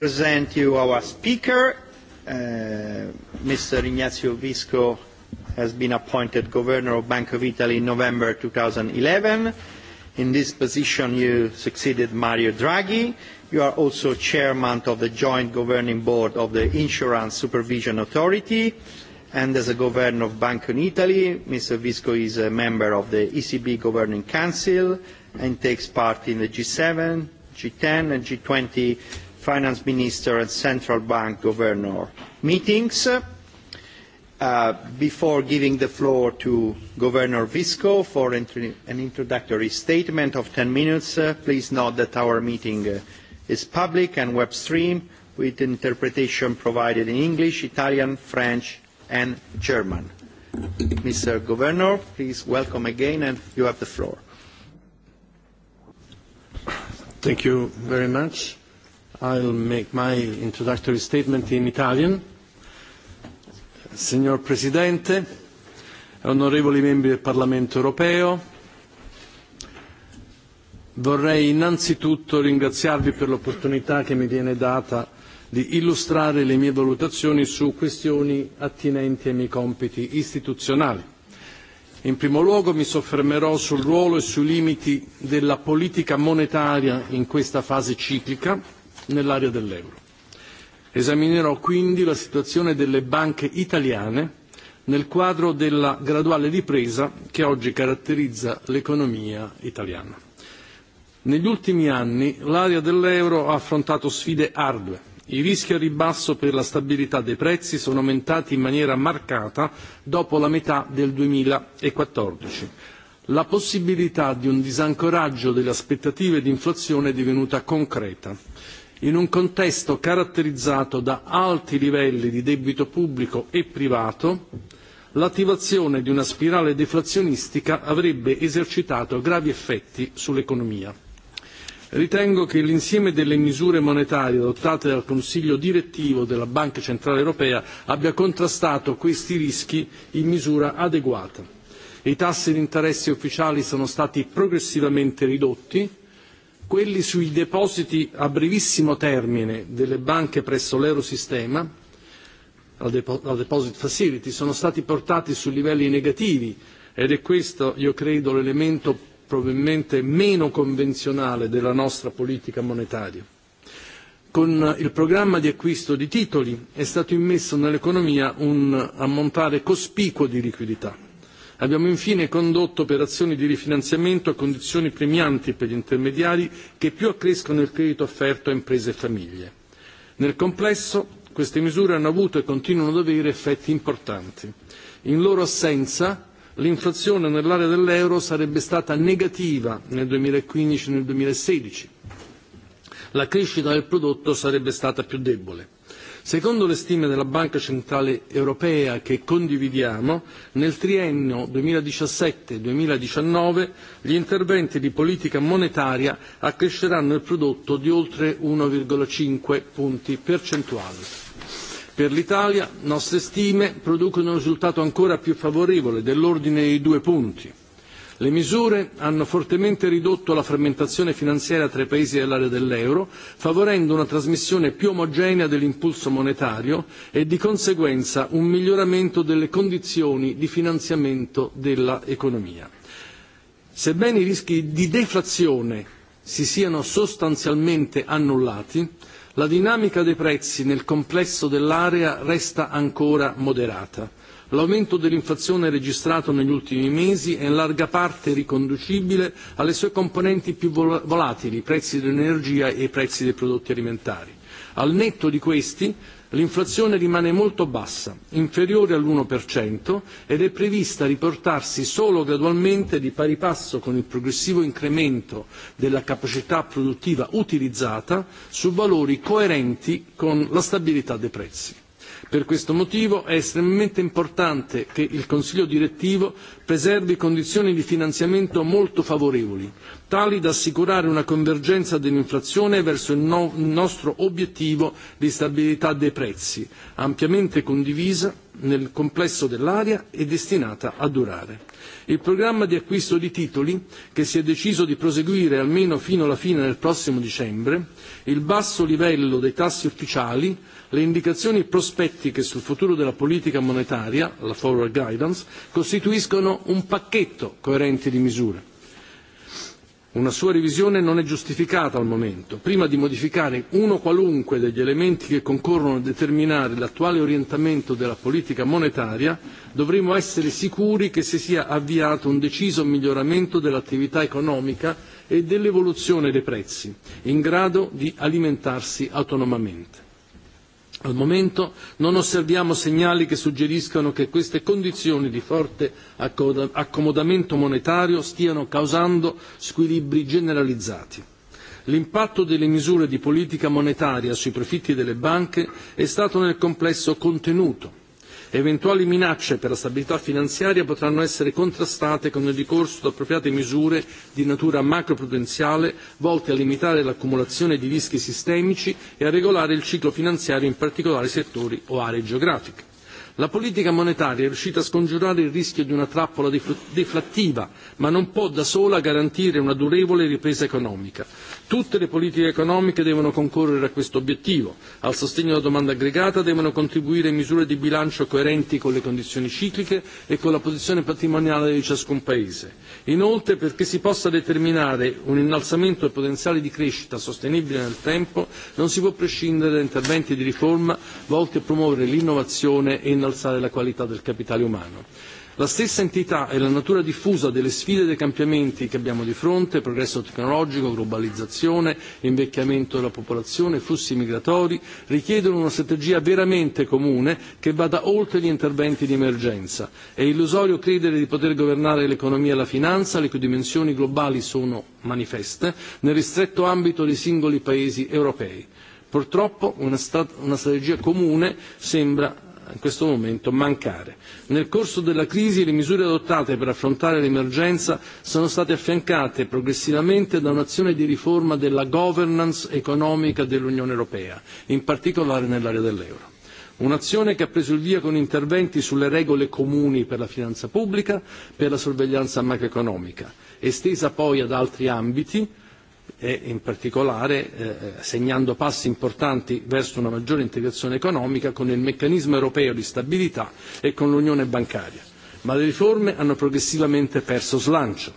present you our speaker. Mr. Ignazio Visco has been appointed Governor of Bank of Italy in November 2011. In this position you succeeded Mario Draghi. You are also Chairman of the Joint Governing Board of the Insurance Supervision Authority and as a Governor of Bank of Italy, Mr. Visco is a member of the ECB Governing Council and takes part in the G7, G10 and G20 finance minister and central bank governor meetings. Before giving the floor to Governor Visco for an introductory statement of 10 minutes, please note that our meeting is public and web streamed with interpretation provided in English, Italian, French and German. Mr. Governor, please welcome again and you have the floor. Thank you very much. I'll make my introductory statement in Italian. Signor Presidente, onorevoli membri del Parlamento europeo, vorrei innanzitutto ringraziarvi per l'opportunità che mi viene data di illustrare le mie valutazioni su questioni attinenti ai miei compiti istituzionali. In primo luogo mi soffermerò sul ruolo e sui limiti della politica monetaria in questa fase ciclica nell'area dell'euro. Esaminerò quindi la situazione delle banche italiane nel quadro della graduale ripresa che oggi caratterizza l'economia italiana. Negli ultimi anni l'area dell'euro ha affrontato sfide ardue. I rischi a ribasso per la stabilità dei prezzi sono aumentati in maniera marcata dopo la metà del 2014. La possibilità di un disancoraggio delle aspettative di inflazione è divenuta concreta in un contesto caratterizzato da alti livelli di debito pubblico e privato, l'attivazione di una spirale deflazionistica avrebbe esercitato gravi effetti sull'economia. Ritengo che l'insieme delle misure monetarie adottate dal Consiglio direttivo della Banca Centrale Europea abbia contrastato questi rischi in misura adeguata. I tassi di interesse ufficiali sono stati progressivamente ridotti quelli sui depositi a brevissimo termine delle banche presso l'Eurosistema, al deposit facility, sono stati portati su livelli negativi ed è questo, io credo, l'elemento probabilmente meno convenzionale della nostra politica monetaria. Con il programma di acquisto di titoli è stato immesso nell'economia un ammontare cospicuo di liquidità Abbiamo infine condotto operazioni di rifinanziamento a condizioni premianti per gli intermediari che più accrescono il credito offerto a imprese e famiglie. Nel complesso queste misure hanno avuto e continuano ad avere effetti importanti. In loro assenza l'inflazione nell'area dell'euro sarebbe stata negativa nel 2015 e nel 2016. La crescita del prodotto sarebbe stata più debole. Secondo le stime della Banca Centrale Europea che condividiamo, nel triennio 2017-2019 gli interventi di politica monetaria accresceranno il prodotto di oltre 1,5 punti percentuali. Per l'Italia nostre stime producono un risultato ancora più favorevole dell'ordine dei due punti Le misure hanno fortemente ridotto la frammentazione finanziaria tra i paesi dell'area dell'euro, favorendo una trasmissione più omogenea dell'impulso monetario e di conseguenza un miglioramento delle condizioni di finanziamento dell'economia. Sebbene i rischi di deflazione si siano sostanzialmente annullati, la dinamica dei prezzi nel complesso dell'area resta ancora moderata L'aumento dell'inflazione registrato negli ultimi mesi è in larga parte riconducibile alle sue componenti più volatili, i prezzi dell'energia e i prezzi dei prodotti alimentari. Al netto di questi, l'inflazione rimane molto bassa, inferiore all'1%, ed è prevista riportarsi solo gradualmente di pari passo con il progressivo incremento della capacità produttiva utilizzata su valori coerenti con la stabilità dei prezzi. Per questo motivo è estremamente importante che il Consiglio direttivo preservi condizioni di finanziamento molto favorevoli, tali da assicurare una convergenza dell'inflazione verso il nostro obiettivo di stabilità dei prezzi, ampiamente condivisa nel complesso dell'area e destinata a durare. Il programma di acquisto di titoli, che si è deciso di proseguire almeno fino alla fine del prossimo dicembre, il basso livello dei tassi ufficiali, le indicazioni prospettiche sul futuro della politica monetaria, la forward guidance, costituiscono un pacchetto coerente di misure. Una sua revisione non è giustificata al momento. Prima di modificare uno qualunque degli elementi che concorrono a determinare l'attuale orientamento della politica monetaria, dovremo essere sicuri che si sia avviato un deciso miglioramento dell'attività economica e dell'evoluzione dei prezzi, in grado di alimentarsi autonomamente. Al momento non osserviamo segnali che suggeriscano che queste condizioni di forte accomodamento monetario stiano causando squilibri generalizzati. L'impatto delle misure di politica monetaria sui profitti delle banche è stato nel complesso contenuto Eventuali minacce per la stabilità finanziaria potranno essere contrastate con il ricorso ad appropriate misure di natura macroprudenziale volte a limitare l'accumulazione di rischi sistemici e a regolare il ciclo finanziario in particolari settori o aree geografiche. La politica monetaria è riuscita a scongiurare il rischio di una trappola deflattiva, ma non può da sola garantire una durevole ripresa economica. Tutte le politiche economiche devono concorrere a questo obiettivo. Al sostegno della domanda aggregata devono contribuire misure di bilancio coerenti con le condizioni cicliche e con la posizione patrimoniale di ciascun Paese. Inoltre, perché si possa determinare un innalzamento del potenziale di crescita sostenibile nel tempo, non si può prescindere da interventi di riforma volti a promuovere l'innovazione e innalzare la qualità del capitale umano. La stessa entità e la natura diffusa delle sfide dei cambiamenti che abbiamo di fronte, progresso tecnologico, globalizzazione, invecchiamento della popolazione, flussi migratori, richiedono una strategia veramente comune che vada oltre gli interventi di emergenza. È illusorio credere di poter governare l'economia e la finanza, le cui dimensioni globali sono manifeste, nel ristretto ambito dei singoli Paesi europei. Purtroppo una strategia comune sembra in questo momento mancare. Nel corso della crisi le misure adottate per affrontare l'emergenza sono state affiancate progressivamente da un'azione di riforma della governance economica dell'Unione Europea, in particolare nell'area dell'euro. Un'azione che ha preso il via con interventi sulle regole comuni per la finanza pubblica, per la sorveglianza macroeconomica, estesa poi ad altri ambiti e in particolare segnando passi importanti verso una maggiore integrazione economica con il meccanismo europeo di stabilità e con l'unione bancaria ma le riforme hanno progressivamente perso slancio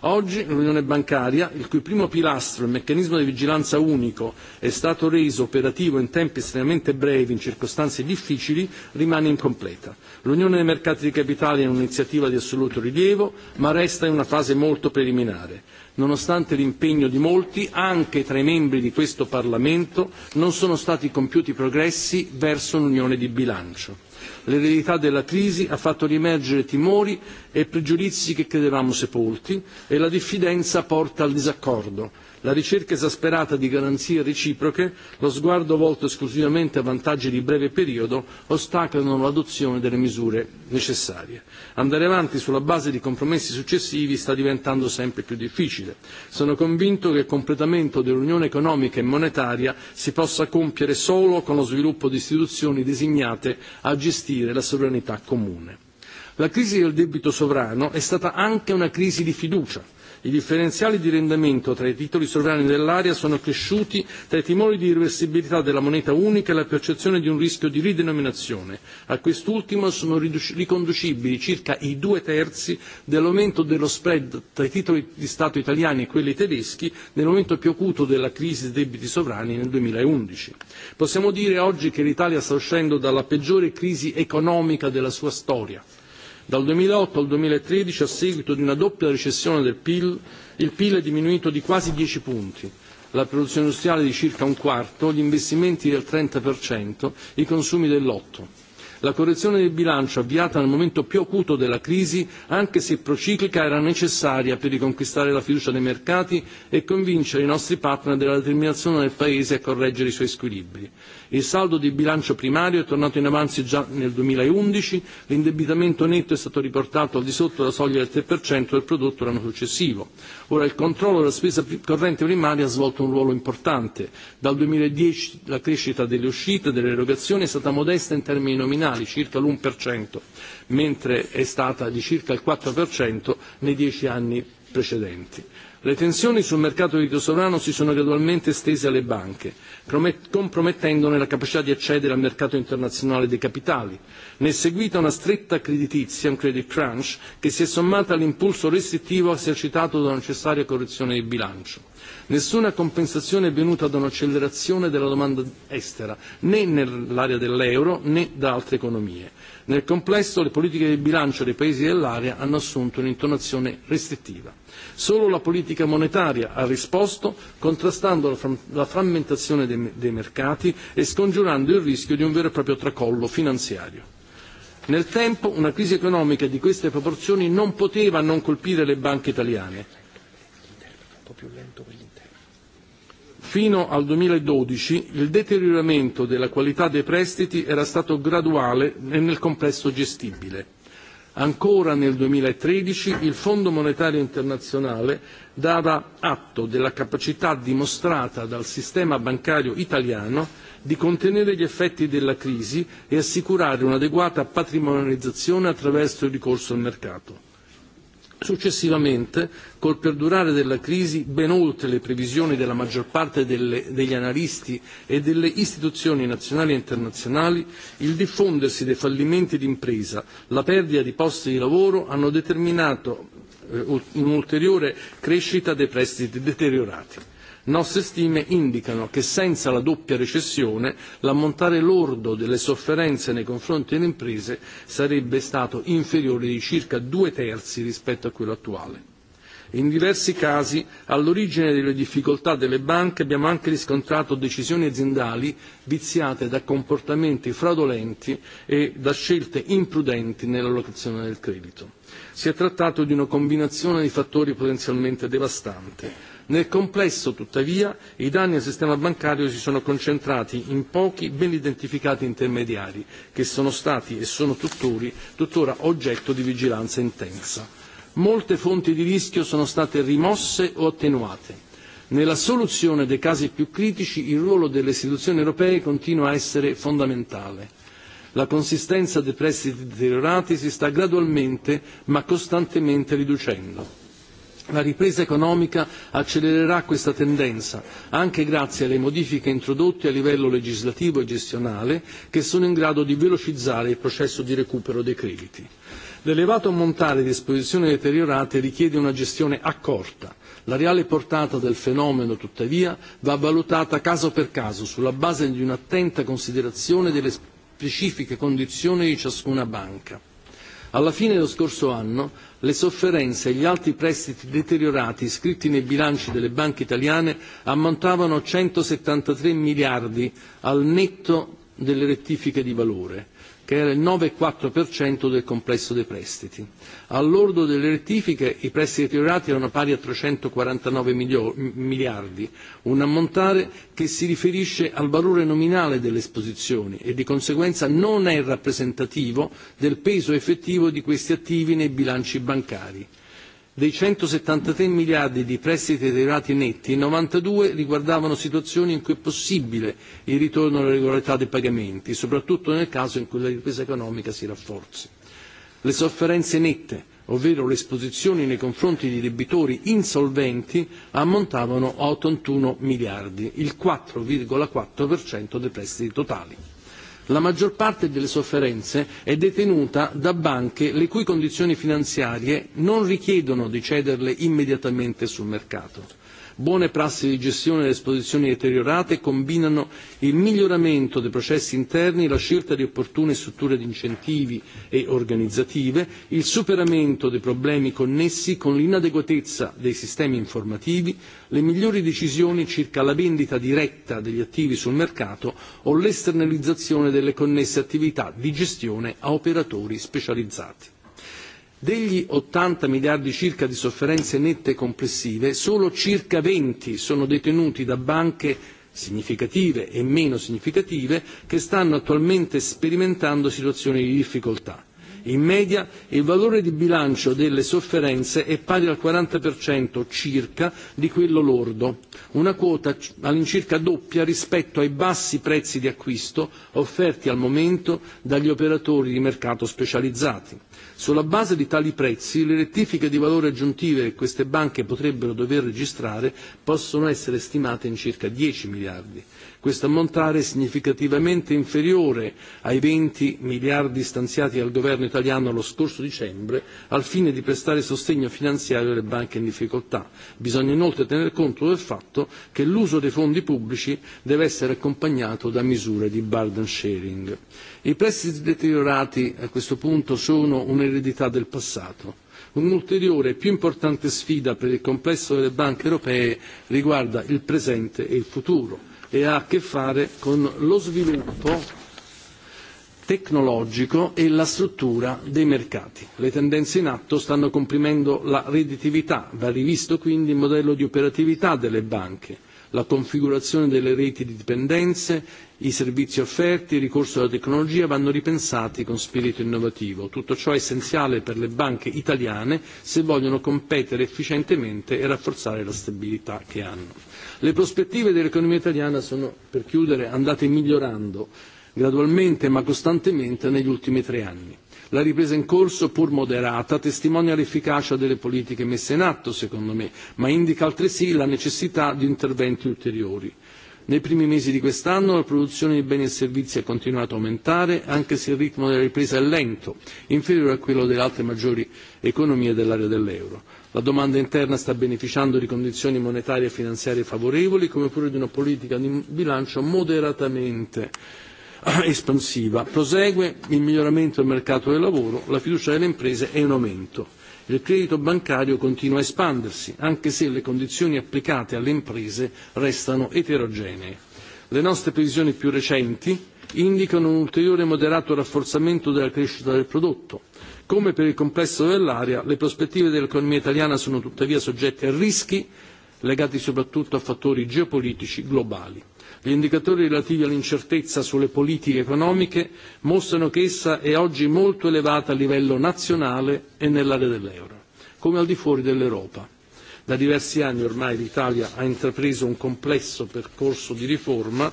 oggi l'unione bancaria il cui primo pilastro il meccanismo di vigilanza unico è stato reso operativo in tempi estremamente brevi in circostanze difficili rimane incompleta l'unione dei mercati di capitali è un'iniziativa di assoluto rilievo ma resta in una fase molto preliminare nonostante l'impegno di molti, anche tra i membri di questo Parlamento non sono stati compiuti progressi verso un'unione di bilancio. L'eredità della crisi ha fatto riemergere timori e pregiudizi che credevamo sepolti e la diffidenza porta al disaccordo la ricerca esasperata di garanzie reciproche, lo sguardo volto esclusivamente a vantaggi di breve periodo ostacolano l'adozione delle misure necessarie. Andare avanti sulla base di compromessi successivi sta diventando sempre più difficile. Sono convinto che il completamento dell'unione economica e monetaria si possa compiere solo con lo sviluppo di istituzioni designate a gestire la sovranità comune. La crisi del debito sovrano è stata anche una crisi di fiducia I differenziali di rendimento tra i titoli sovrani dell'area sono cresciuti tra i timori di irreversibilità della moneta unica e la percezione di un rischio di ridenominazione. A quest'ultimo sono riconducibili circa i due terzi dell'aumento dello spread tra i titoli di Stato italiani e quelli tedeschi nel momento più acuto della crisi dei debiti sovrani nel 2011. Possiamo dire oggi che l'Italia sta uscendo dalla peggiore crisi economica della sua storia Dal 2008 al 2013, a seguito di una doppia recessione del PIL, il PIL è diminuito di quasi dieci punti, la produzione industriale di circa un quarto, gli investimenti del 30%, i consumi dell'8%. La correzione del bilancio avviata nel momento più acuto della crisi, anche se prociclica, era necessaria per riconquistare la fiducia dei mercati e convincere i nostri partner della determinazione del Paese a correggere i suoi squilibri. Il saldo di bilancio primario è tornato in avanzo già nel 2011, l'indebitamento netto è stato riportato al di sotto della soglia del 3% del prodotto l'anno successivo. Ora il controllo della spesa corrente primaria ha svolto un ruolo importante. Dal 2010 la crescita delle uscite e delle erogazioni è stata modesta in termini nominali marginali, circa l'1%, mentre è stata di circa il 4% nei dieci anni precedenti. Le tensioni sul mercato di sovrano si sono gradualmente estese alle banche, compromettendone la capacità di accedere al mercato internazionale dei capitali. Ne è seguita una stretta creditizia, un credit crunch, che si è sommata all'impulso restrittivo esercitato una necessaria correzione di bilancio. Nessuna compensazione è venuta da un'accelerazione della domanda estera, né nell'area dell'euro né da altre economie. Nel complesso le politiche di bilancio dei paesi dell'area hanno assunto un'intonazione restrittiva. Solo la politica monetaria ha risposto contrastando la frammentazione dei mercati e scongiurando il rischio di un vero e proprio tracollo finanziario. Nel tempo una crisi economica di queste proporzioni non poteva non colpire le banche italiane. Fino al 2012 il deterioramento della qualità dei prestiti era stato graduale e nel complesso gestibile. Ancora nel 2013 il Fondo monetario internazionale dava atto della capacità dimostrata dal sistema bancario italiano di contenere gli effetti della crisi e assicurare un'adeguata patrimonializzazione attraverso il ricorso al mercato. Successivamente, col perdurare della crisi ben oltre le previsioni della maggior parte degli analisti e delle istituzioni nazionali e internazionali, il diffondersi dei fallimenti d'impresa, la perdita di posti di lavoro hanno determinato un'ulteriore crescita dei prestiti deteriorati. Nostre stime indicano che senza la doppia recessione l'ammontare lordo delle sofferenze nei confronti delle imprese sarebbe stato inferiore di circa due terzi rispetto a quello attuale. In diversi casi, all'origine delle difficoltà delle banche abbiamo anche riscontrato decisioni aziendali viziate da comportamenti fraudolenti e da scelte imprudenti nell'allocazione del credito. Si è trattato di una combinazione di fattori potenzialmente devastante Nel complesso, tuttavia, i danni al sistema bancario si sono concentrati in pochi ben identificati intermediari, che sono stati e sono tuttora oggetto di vigilanza intensa. Molte fonti di rischio sono state rimosse o attenuate. Nella soluzione dei casi più critici il ruolo delle istituzioni europee continua a essere fondamentale. La consistenza dei prestiti deteriorati si sta gradualmente ma costantemente riducendo. La ripresa economica accelererà questa tendenza, anche grazie alle modifiche introdotte a livello legislativo e gestionale, che sono in grado di velocizzare il processo di recupero dei crediti. L'elevato montare di esposizioni deteriorate richiede una gestione accorta. La reale portata del fenomeno, tuttavia, va valutata caso per caso, sulla base di un'attenta considerazione delle specifiche condizioni di ciascuna banca. Alla fine dello scorso anno le sofferenze e gli alti prestiti deteriorati iscritti nei bilanci delle banche italiane ammontavano a 173 miliardi al netto delle rettifiche di valore che era il 9,4% del complesso dei prestiti. All'ordo delle rettifiche i prestiti deteriorati erano pari a 349 miliardi, un ammontare che si riferisce al valore nominale delle esposizioni e di conseguenza non è rappresentativo del peso effettivo di questi attivi nei bilanci bancari. Dei 173 miliardi di prestiti derivati netti, 92 riguardavano situazioni in cui è possibile il ritorno alla regolarità dei pagamenti, soprattutto nel caso in cui la ripresa economica si rafforzi. Le sofferenze nette, ovvero le esposizioni nei confronti di debitori insolventi, ammontavano a 81 miliardi, il 4,4% dei prestiti totali la maggior parte delle sofferenze è detenuta da banche le cui condizioni finanziarie non richiedono di cederle immediatamente sul mercato Buone prassi di gestione delle esposizioni deteriorate combinano il miglioramento dei processi interni, la scelta di opportune strutture di incentivi e organizzative, il superamento dei problemi connessi con l'inadeguatezza dei sistemi informativi, le migliori decisioni circa la vendita diretta degli attivi sul mercato o l'esternalizzazione delle connesse attività di gestione a operatori specializzati. Degli 80 miliardi circa di sofferenze nette complessive, solo circa 20 sono detenuti da banche significative e meno significative che stanno attualmente sperimentando situazioni di difficoltà. In media il valore di bilancio delle sofferenze è pari al 40% circa di quello lordo, una quota all'incirca doppia rispetto ai bassi prezzi di acquisto offerti al momento dagli operatori di mercato specializzati. Sulla base di tali prezzi, le rettifiche di valore aggiuntive che queste banche potrebbero dover registrare possono essere stimate in circa 10 miliardi. Questo ammontare è significativamente inferiore ai 20 miliardi stanziati dal governo italiano lo scorso dicembre al fine di prestare sostegno finanziario alle banche in difficoltà. Bisogna inoltre tener conto del fatto che l'uso dei fondi pubblici deve essere accompagnato da misure di burden sharing. I prestiti deteriorati a questo punto sono un'eredità del passato. Un'ulteriore e più importante sfida per il complesso delle banche europee riguarda il presente e il futuro e ha a che fare con lo sviluppo tecnologico e la struttura dei mercati. Le tendenze in atto stanno comprimendo la redditività, va rivisto quindi il modello di operatività delle banche, la configurazione delle reti di dipendenze, i servizi offerti, il ricorso alla tecnologia vanno ripensati con spirito innovativo. Tutto ciò è essenziale per le banche italiane se vogliono competere efficientemente e rafforzare la stabilità che hanno. Le prospettive dell'economia italiana sono, per chiudere, andate migliorando gradualmente ma costantemente negli ultimi tre anni. La ripresa in corso, pur moderata, testimonia l'efficacia delle politiche messe in atto, secondo me, ma indica altresì la necessità di interventi ulteriori. Nei primi mesi di quest'anno la produzione di beni e servizi è continuata a aumentare, anche se il ritmo della ripresa è lento, inferiore a quello delle altre maggiori economie dell'area dell'euro. La domanda interna sta beneficiando di condizioni monetarie e finanziarie favorevoli, come pure di una politica di bilancio moderatamente espansiva. Prosegue il miglioramento del mercato del lavoro, la fiducia delle imprese è in aumento. Il credito bancario continua a espandersi, anche se le condizioni applicate alle imprese restano eterogenee. Le nostre previsioni più recenti indicano un ulteriore moderato rafforzamento della crescita del prodotto Come per il complesso dell'area, le prospettive dell'economia italiana sono tuttavia soggette a rischi legati soprattutto a fattori geopolitici globali. Gli indicatori relativi all'incertezza sulle politiche economiche mostrano che essa è oggi molto elevata a livello nazionale e nell'area dell'euro, come al di fuori dell'Europa. Da diversi anni ormai l'Italia ha intrapreso un complesso percorso di riforma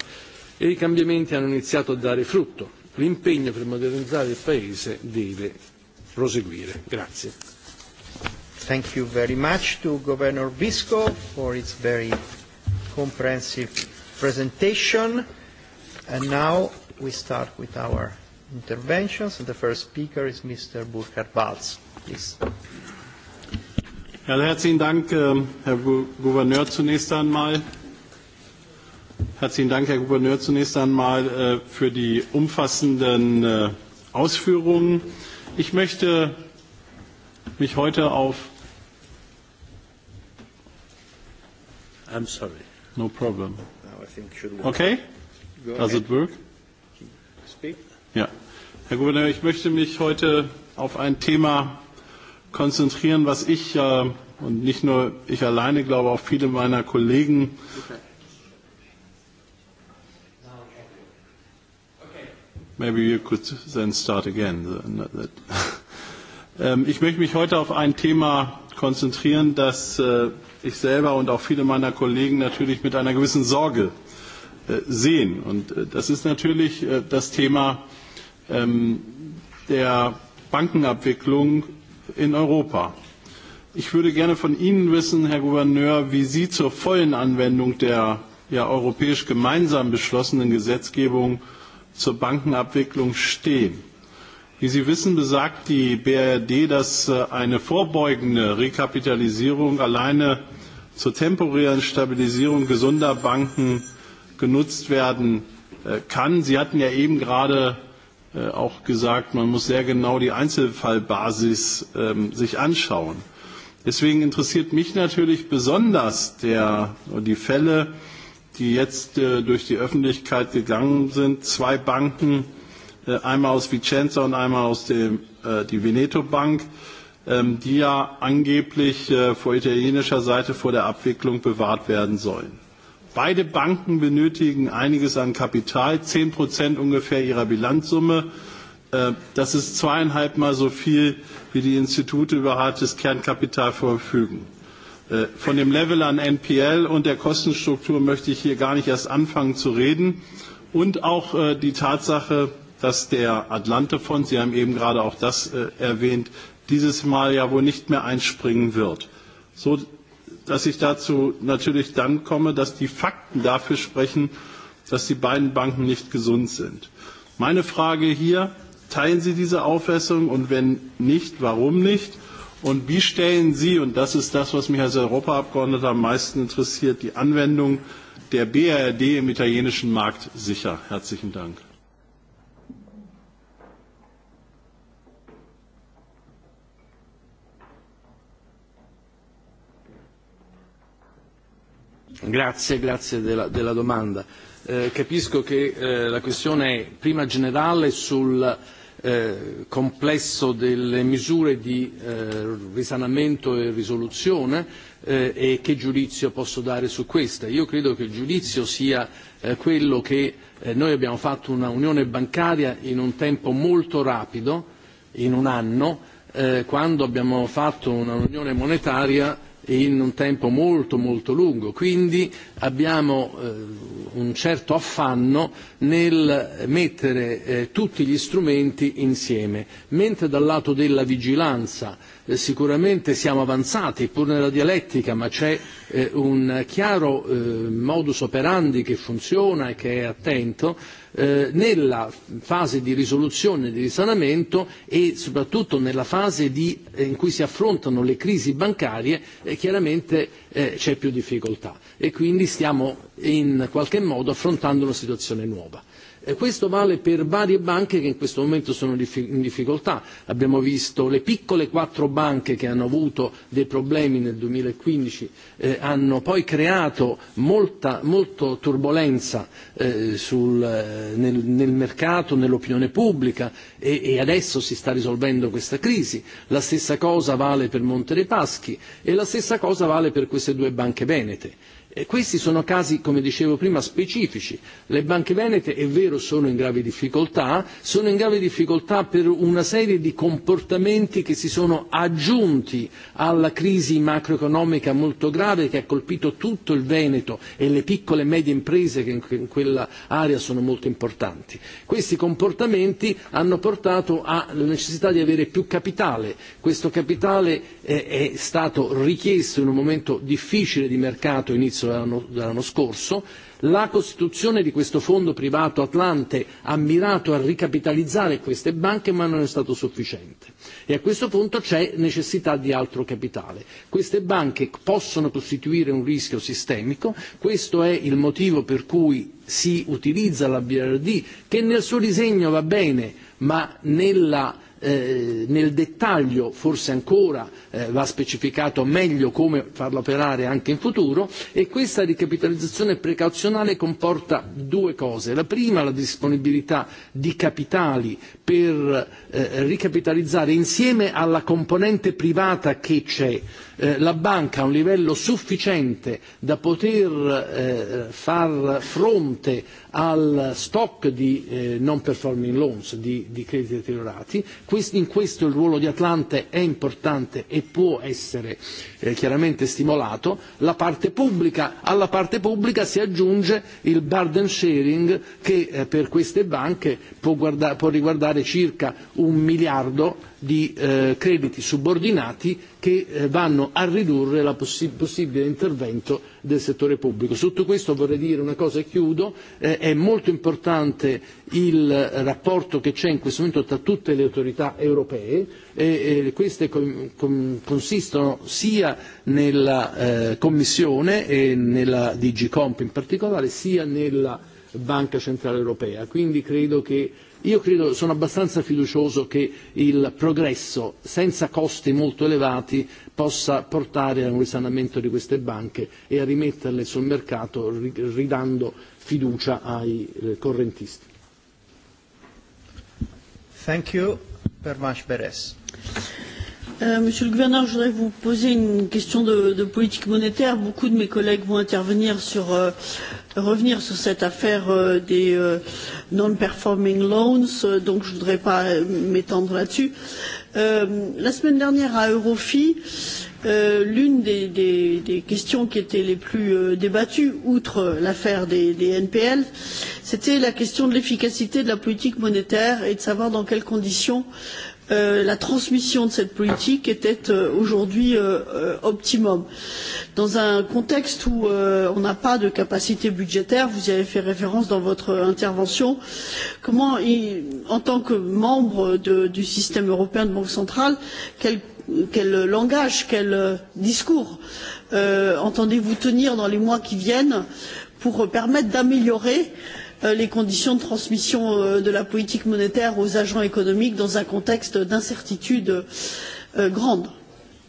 e i cambiamenti hanno iniziato a dare frutto. L'impegno per modernizzare il Paese deve proseguire. Grazie. Thank you very much to Governor Bisco for its very comprehensive presentation. And now we start with our interventions. The first speaker is Mr. Burkhard Balz. Please. Herzlichen Dank, Herr Gouverneur, zunächst einmal. Herzlichen Dank, Herr Gouverneur, zunächst einmal für die umfassenden Ausführungen. Ich möchte mich heute auf I'm sorry. No problem. Okay? Does it work? Ja. Herr Gouverneur, ich möchte mich heute auf ein Thema konzentrieren, was ich und nicht nur ich alleine glaube, auch viele meiner Kollegen Maybe you could then start again. Ich möchte mich heute auf ein Thema konzentrieren, das ich selber und auch viele meiner Kollegen natürlich mit einer gewissen Sorge sehen. Und das ist natürlich das Thema der Bankenabwicklung in Europa. Ich würde gerne von Ihnen wissen, Herr Gouverneur, wie Sie zur vollen Anwendung der ja europäisch gemeinsam beschlossenen Gesetzgebung zur Bankenabwicklung stehen. Wie Sie wissen, besagt die BRD, dass eine vorbeugende Rekapitalisierung alleine zur temporären Stabilisierung gesunder Banken genutzt werden kann. Sie hatten ja eben gerade auch gesagt, man muss sehr genau die Einzelfallbasis anschauen. Deswegen interessiert mich natürlich besonders die Fälle, die jetzt durch die Öffentlichkeit gegangen sind. Zwei Banken, einmal aus Vicenza und einmal aus der Veneto Bank, die ja angeblich vor italienischer Seite vor der Abwicklung bewahrt werden sollen. Beide Banken benötigen einiges an Kapital, 10% ungefähr ihrer Bilanzsumme. Das ist zweieinhalb Mal so viel, wie die Institute über hartes Kernkapital verfügen. Von dem Level an NPL und der Kostenstruktur möchte ich hier gar nicht erst anfangen zu reden. Und auch die Tatsache, dass der Atlante-Fonds, Sie haben eben gerade auch das erwähnt, dieses Mal ja wohl nicht mehr einspringen wird. So dass ich dazu natürlich dann komme, dass die Fakten dafür sprechen, dass die beiden Banken nicht gesund sind. Meine Frage hier, teilen Sie diese Auffassung und wenn nicht, warum nicht? Und wie stellen Sie, und das ist das, was mich als Europaabgeordneter am meisten interessiert, die Anwendung der BRD im italienischen Markt sicher? Herzlichen Dank. Grazie, grazie Capisco che la questione prima generale sul complesso delle misure di risanamento e risoluzione e che giudizio posso dare su questa. Io credo che il giudizio sia quello che noi abbiamo fatto una unione bancaria in un tempo molto rapido, in un anno, quando abbiamo fatto una unione monetaria in un tempo molto molto lungo, quindi abbiamo un certo affanno nel mettere tutti gli strumenti insieme, mentre dal lato della vigilanza sicuramente siamo avanzati pur nella dialettica ma c'è un chiaro modus operandi che funziona e che è attento nella fase di risoluzione e di risanamento e soprattutto nella fase in cui si affrontano le crisi bancarie chiaramente c'è più difficoltà e quindi stiamo in qualche modo affrontando una situazione nuova. E questo vale per varie banche che in questo momento sono in difficoltà. Abbiamo visto le piccole quattro banche che hanno avuto dei problemi nel 2015, hanno poi creato molta turbolenza nel mercato, nell'opinione pubblica e adesso si sta risolvendo questa crisi. La stessa cosa vale per Monte dei Paschi e la stessa cosa vale per queste due banche venete Questi sono casi, come dicevo prima, specifici. Le banche venete, è vero, sono in grave difficoltà, sono in grave difficoltà per una serie di comportamenti che si sono aggiunti alla crisi macroeconomica molto grave che ha colpito tutto il Veneto e le piccole e medie imprese che in quell'area sono molto importanti. Questi comportamenti hanno portato alla necessità di avere più capitale. Questo capitale è stato richiesto in un momento difficile di mercato inizio dell'anno scorso, la costituzione di questo fondo privato Atlante ha mirato a ricapitalizzare queste banche ma non è stato sufficiente e a questo punto c'è necessità di altro capitale. Queste banche possono costituire un rischio sistemico, questo è il motivo per cui si utilizza la BRD che nel suo disegno va bene ma nella nel dettaglio forse ancora va specificato meglio come farlo operare anche in futuro e questa ricapitalizzazione precauzionale comporta due cose la prima la disponibilità di capitali per ricapitalizzare insieme alla componente privata che c'è la banca a un livello sufficiente da poter far fronte al stock di non performing loans di crediti deteriorati in questo il ruolo di Atlante è importante e può essere chiaramente stimolato la parte pubblica alla parte pubblica si aggiunge il burden sharing che per queste banche può riguardare circa un miliardo di crediti subordinati che vanno a ridurre il possibile intervento del settore pubblico. Sotto questo vorrei dire una cosa e chiudo è molto importante il rapporto che c'è in questo momento tra tutte le autorità europee e queste consistono sia nella Commissione e nella DG in particolare sia nella Banca Centrale Europea. Quindi credo che Io credo, sono abbastanza fiducioso che il progresso, senza costi molto elevati, possa portare a un risanamento di queste banche e a rimetterle sul mercato ridando fiducia ai correntisti. Thank you. Monsieur le gouverneur, je voudrais vous poser une question de politique monétaire. Beaucoup de mes collègues vont intervenir sur revenir sur cette affaire des non performing loans, donc je ne voudrais pas m'étendre là dessus La semaine dernière à Eurofi, l'une des questions qui étaient les plus débattues, outre l'affaire des NPL, c'était la question de l'efficacité de la politique monétaire et de savoir dans quelles conditions la transmission de cette politique était aujourd'hui optimum. Dans un contexte où on n'a pas de capacité budgétaire, vous y avez fait référence dans votre intervention, comment, en tant que membre du système européen de banque centrale, quel langage, quel discours entendez-vous tenir dans les mois qui viennent pour permettre d'améliorer les conditions de transmission de la politique monétaire aux agents économiques dans un contexte d'incertitude grande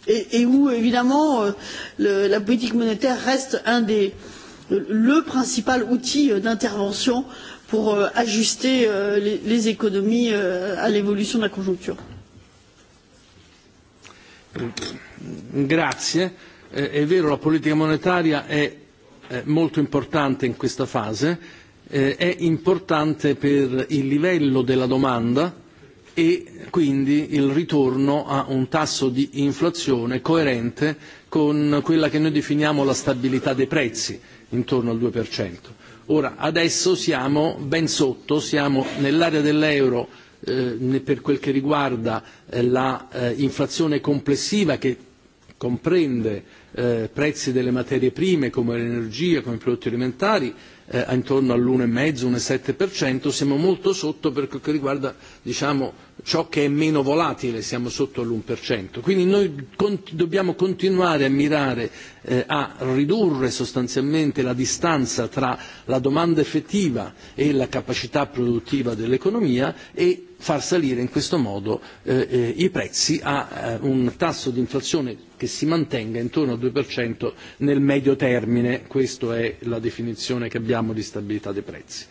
et où évidemment la politique monétaire reste un le principal outil d'intervention pour ajuster les économies à l'évolution de la conjoncture. Grazie. È vero, la politica monetaria è molto importante in questa fase è importante per il livello della domanda e quindi il ritorno a un tasso di inflazione coerente con quella che noi definiamo la stabilità dei prezzi, intorno al 2%. Ora, adesso siamo ben sotto, siamo nell'area dell'euro per quel che riguarda l'inflazione complessiva che comprende prezzi delle materie prime come l'energia, come i prodotti alimentari, intorno all'1,5-1,7%, siamo molto sotto per quel che riguarda diciamo ciò che è meno volatile, siamo sotto all'1%. Quindi noi dobbiamo continuare a mirare a ridurre sostanzialmente la distanza tra la domanda effettiva e la capacità produttiva dell'economia e far salire in questo modo i prezzi a un tasso di inflazione che si mantenga intorno al 2% nel medio termine, questa è la definizione che abbiamo di stabilità dei prezzi.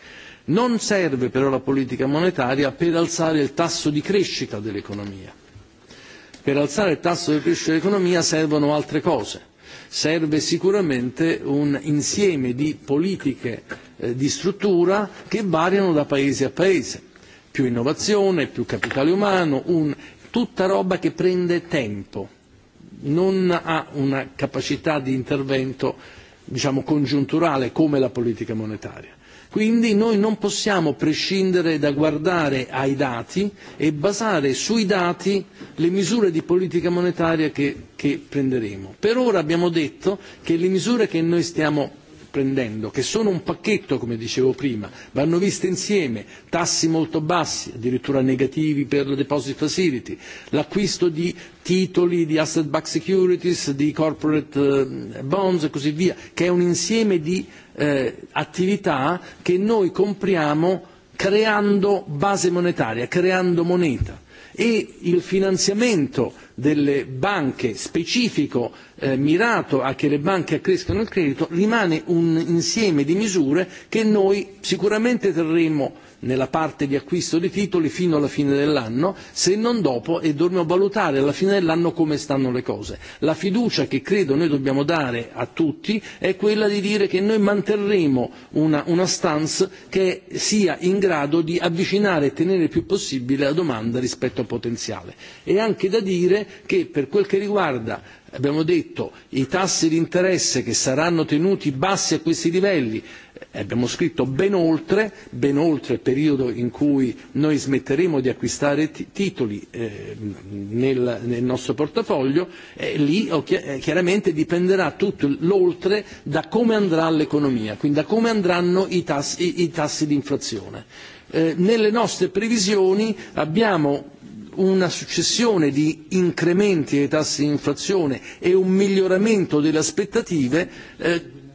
Non serve però la politica monetaria per alzare il tasso di crescita dell'economia. Per alzare il tasso di crescita dell'economia servono altre cose. Serve sicuramente un insieme di politiche di struttura che variano da paese a paese più innovazione, più capitale umano, tutta roba che prende tempo, non ha una capacità di intervento diciamo congiunturale come la politica monetaria. Quindi noi non possiamo prescindere da guardare ai dati e basare sui dati le misure di politica monetaria che prenderemo. Per ora abbiamo detto che le misure che noi stiamo prendendo, che sono un pacchetto, come dicevo prima, vanno viste insieme tassi molto bassi, addirittura negativi per le deposit facility, l'acquisto di titoli di asset backed securities, di corporate bonds e così via, che è un insieme di attività che noi compriamo creando base monetaria, creando moneta e il finanziamento delle banche specifico mirato a che le banche accrescano il credito rimane un insieme di misure che noi sicuramente terremo nella parte di acquisto dei titoli fino alla fine dell'anno, se non dopo, e dobbiamo valutare alla fine dell'anno come stanno le cose. La fiducia che credo noi dobbiamo dare a tutti è quella di dire che noi manterremo una stance che sia in grado di avvicinare e tenere il più possibile la domanda rispetto al potenziale. È anche da dire che per quel che riguarda Abbiamo detto che i tassi di interesse che saranno tenuti bassi a questi livelli, abbiamo scritto ben oltre, ben oltre il periodo in cui noi smetteremo di acquistare titoli nel nostro portafoglio, e lì chiaramente dipenderà tutto l'oltre da come andrà l'economia, quindi da come andranno i tassi di inflazione. Nelle nostre previsioni abbiamo una successione di incrementi dei tassi di inflazione e un miglioramento delle aspettative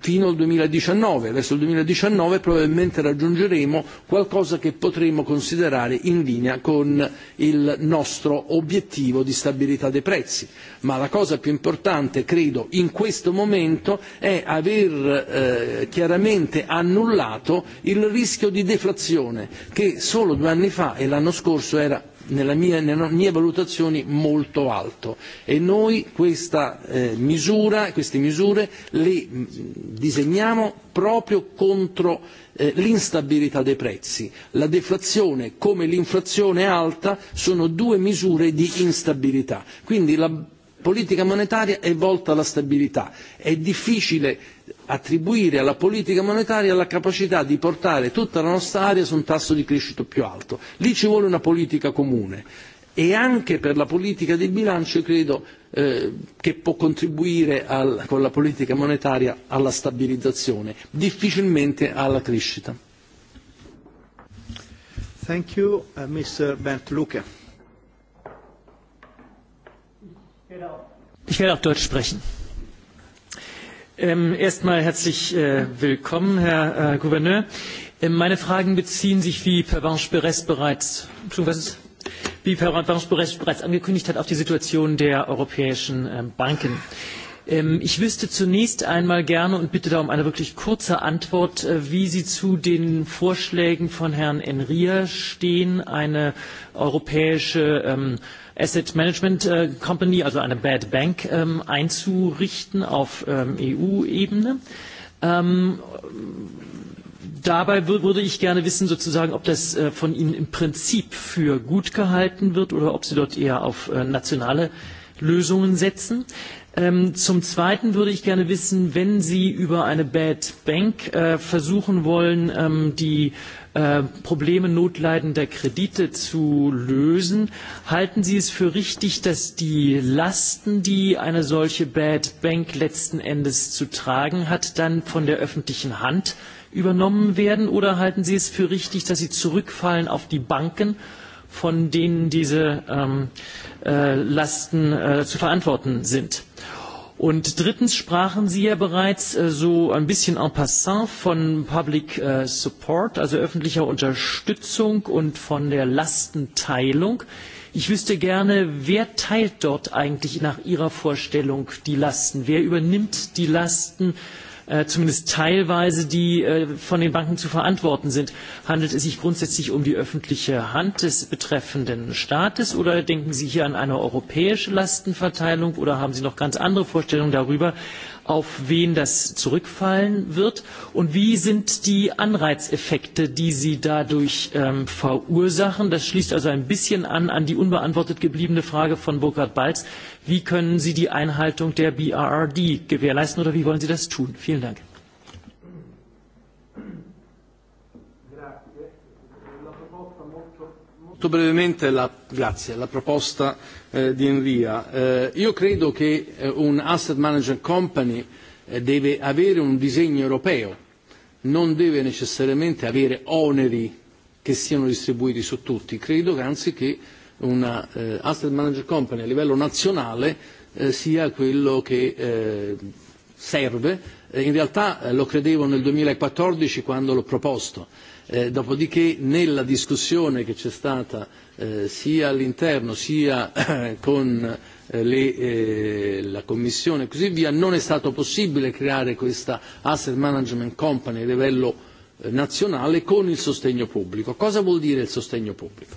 fino al 2019. Verso il 2019 probabilmente raggiungeremo qualcosa che potremo considerare in linea con il nostro obiettivo di stabilità dei prezzi. Ma la cosa più importante, credo, in questo momento è aver chiaramente annullato il rischio di deflazione che solo due anni fa e l'anno scorso era nella mia nelle molto alto e noi questa misura queste misure le disegniamo proprio contro l'instabilità dei prezzi la deflazione come l'inflazione alta sono due misure di instabilità quindi la politica monetaria è volta alla stabilità. È difficile attribuire alla politica monetaria la capacità di portare tutta la nostra area su un tasso di crescita più alto. Lì ci vuole una politica comune e anche per la politica di bilancio credo che può contribuire con la politica monetaria alla stabilizzazione, difficilmente alla crescita. Thank you, Mr. Ich werde auch Deutsch sprechen. Erstmal herzlich willkommen, Herr Gouverneur. Meine Fragen beziehen sich, wie Pervenche Beres bereits angekündigt hat, auf die Situation der europäischen Banken. Ich wüsste zunächst einmal gerne und bitte darum eine wirklich kurze Antwort, wie Sie zu den Vorschlägen von Herrn Enria stehen, eine europäische Asset Management Company, also eine Bad Bank, einzurichten auf EU-Ebene. Dabei würde ich gerne wissen, sozusagen, ob das von Ihnen im Prinzip für gut gehalten wird oder ob Sie dort eher auf nationale Lösungen setzen. Zum Zweiten würde ich gerne wissen, wenn Sie über eine Bad Bank versuchen wollen, die Probleme notleidender Kredite zu lösen, halten Sie es für richtig, dass die Lasten, die eine solche Bad Bank letzten Endes zu tragen hat, dann von der öffentlichen Hand übernommen werden? Oder halten Sie es für richtig, dass sie zurückfallen auf die Banken von denen diese Lasten zu verantworten sind. Und drittens sprachen Sie ja bereits so ein bisschen en passant von Public Support, also öffentlicher Unterstützung und von der Lastenteilung. Ich wüsste gerne, wer teilt dort eigentlich nach Ihrer Vorstellung die Lasten? Wer übernimmt die Lasten zumindest teilweise, die von den Banken zu verantworten sind. Handelt es sich grundsätzlich um die öffentliche Hand des betreffenden Staates oder denken Sie hier an eine europäische Lastenverteilung oder haben Sie noch ganz andere Vorstellungen darüber? auf wen das zurückfallen wird und wie sind die Anreizeffekte, die Sie dadurch verursachen. Das schließt also ein bisschen an an die unbeantwortet gebliebene Frage von Burkhard Balz. Wie können Sie die Einhaltung der BRRD gewährleisten oder wie wollen Sie das tun? Vielen Dank. molto brevemente la proposta di Envia. Io credo che un asset management company deve avere un disegno europeo, non deve necessariamente avere oneri che siano distribuiti su tutti. Credo anzi che un asset management company a livello nazionale sia quello che serve. In realtà lo credevo nel 2014 quando l'ho proposto Dopodiché nella discussione che c'è stata sia all'interno sia con la Commissione e così via non è stato possibile creare questa asset management company a livello nazionale con il sostegno pubblico. Cosa vuol dire il sostegno pubblico?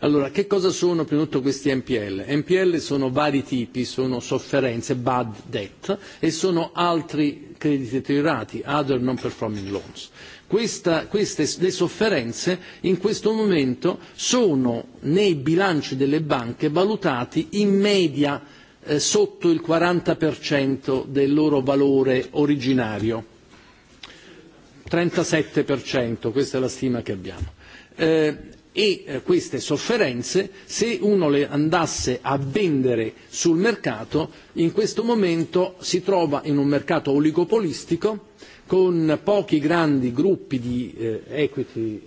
Allora, che cosa sono prima di questi NPL? NPL sono vari tipi, sono sofferenze, bad debt, e sono altri crediti deteriorati, other non performing loans le sofferenze in questo momento sono nei bilanci delle banche valutati in media sotto il 40% del loro valore originario. 37%, questa è la stima che abbiamo. E queste sofferenze, se uno le andasse a vendere sul mercato, in questo momento si trova in un mercato oligopolistico con pochi grandi gruppi di equity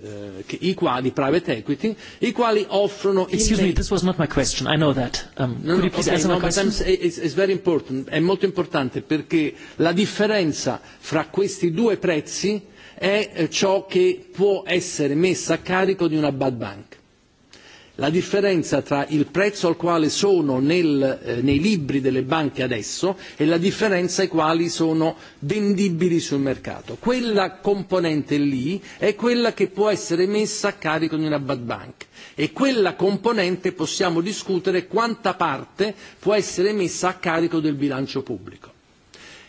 i quali private equity i quali offrono Excuse me this was not my question I know that could you please answer my question It's very important è molto importante perché la differenza fra questi due prezzi è ciò che può essere messa a carico di una bad bank la differenza tra il prezzo al quale sono nei libri delle banche adesso e la differenza ai quali sono vendibili sul mercato. Quella componente lì è quella che può essere messa a carico di una bad bank e quella componente possiamo discutere quanta parte può essere messa a carico del bilancio pubblico.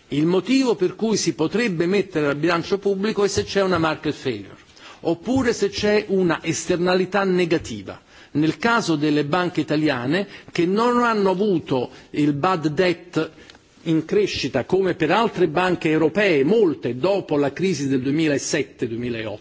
Il motivo per cui si potrebbe mettere al bilancio pubblico è se c'è una market failure oppure se c'è una esternalità negativa nel caso delle banche italiane che non hanno avuto il bad debt in crescita come per altre banche europee, molte dopo la crisi del 2007-2008,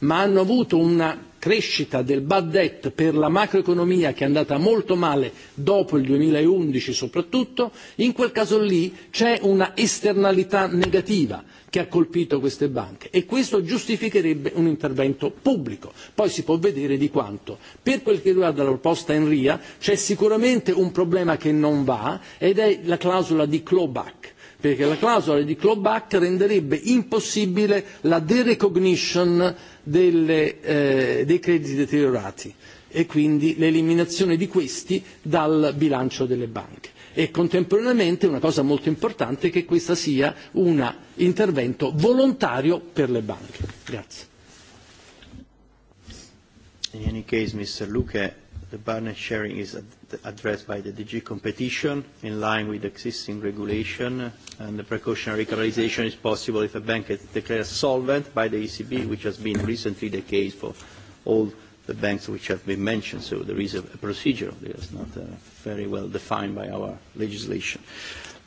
ma hanno avuto una crescita del bad debt per la macroeconomia che è andata molto male dopo il 2011 soprattutto, in quel caso lì c'è una esternalità negativa che ha colpito queste banche e questo giustificherebbe un intervento pubblico. Poi si può vedere di quanto. Per quel che riguarda la proposta Enria c'è sicuramente un problema che non va ed è la clausola di clawback perché la clausola di clawback renderebbe impossibile la derecognition dei crediti deteriorati e quindi l'eliminazione di questi dal bilancio delle banche e contemporaneamente una cosa molto importante è che questa sia un intervento volontario per le banche. Grazie. In any case, Mr. Luque, the burden sharing is addressed by the DG competition in line with existing regulation and the precautionary capitalization is possible if a bank is declared solvent by the ECB, which has been recently the case for all the banks which have been mentioned. So there is a procedure that is not very well defined by our legislation.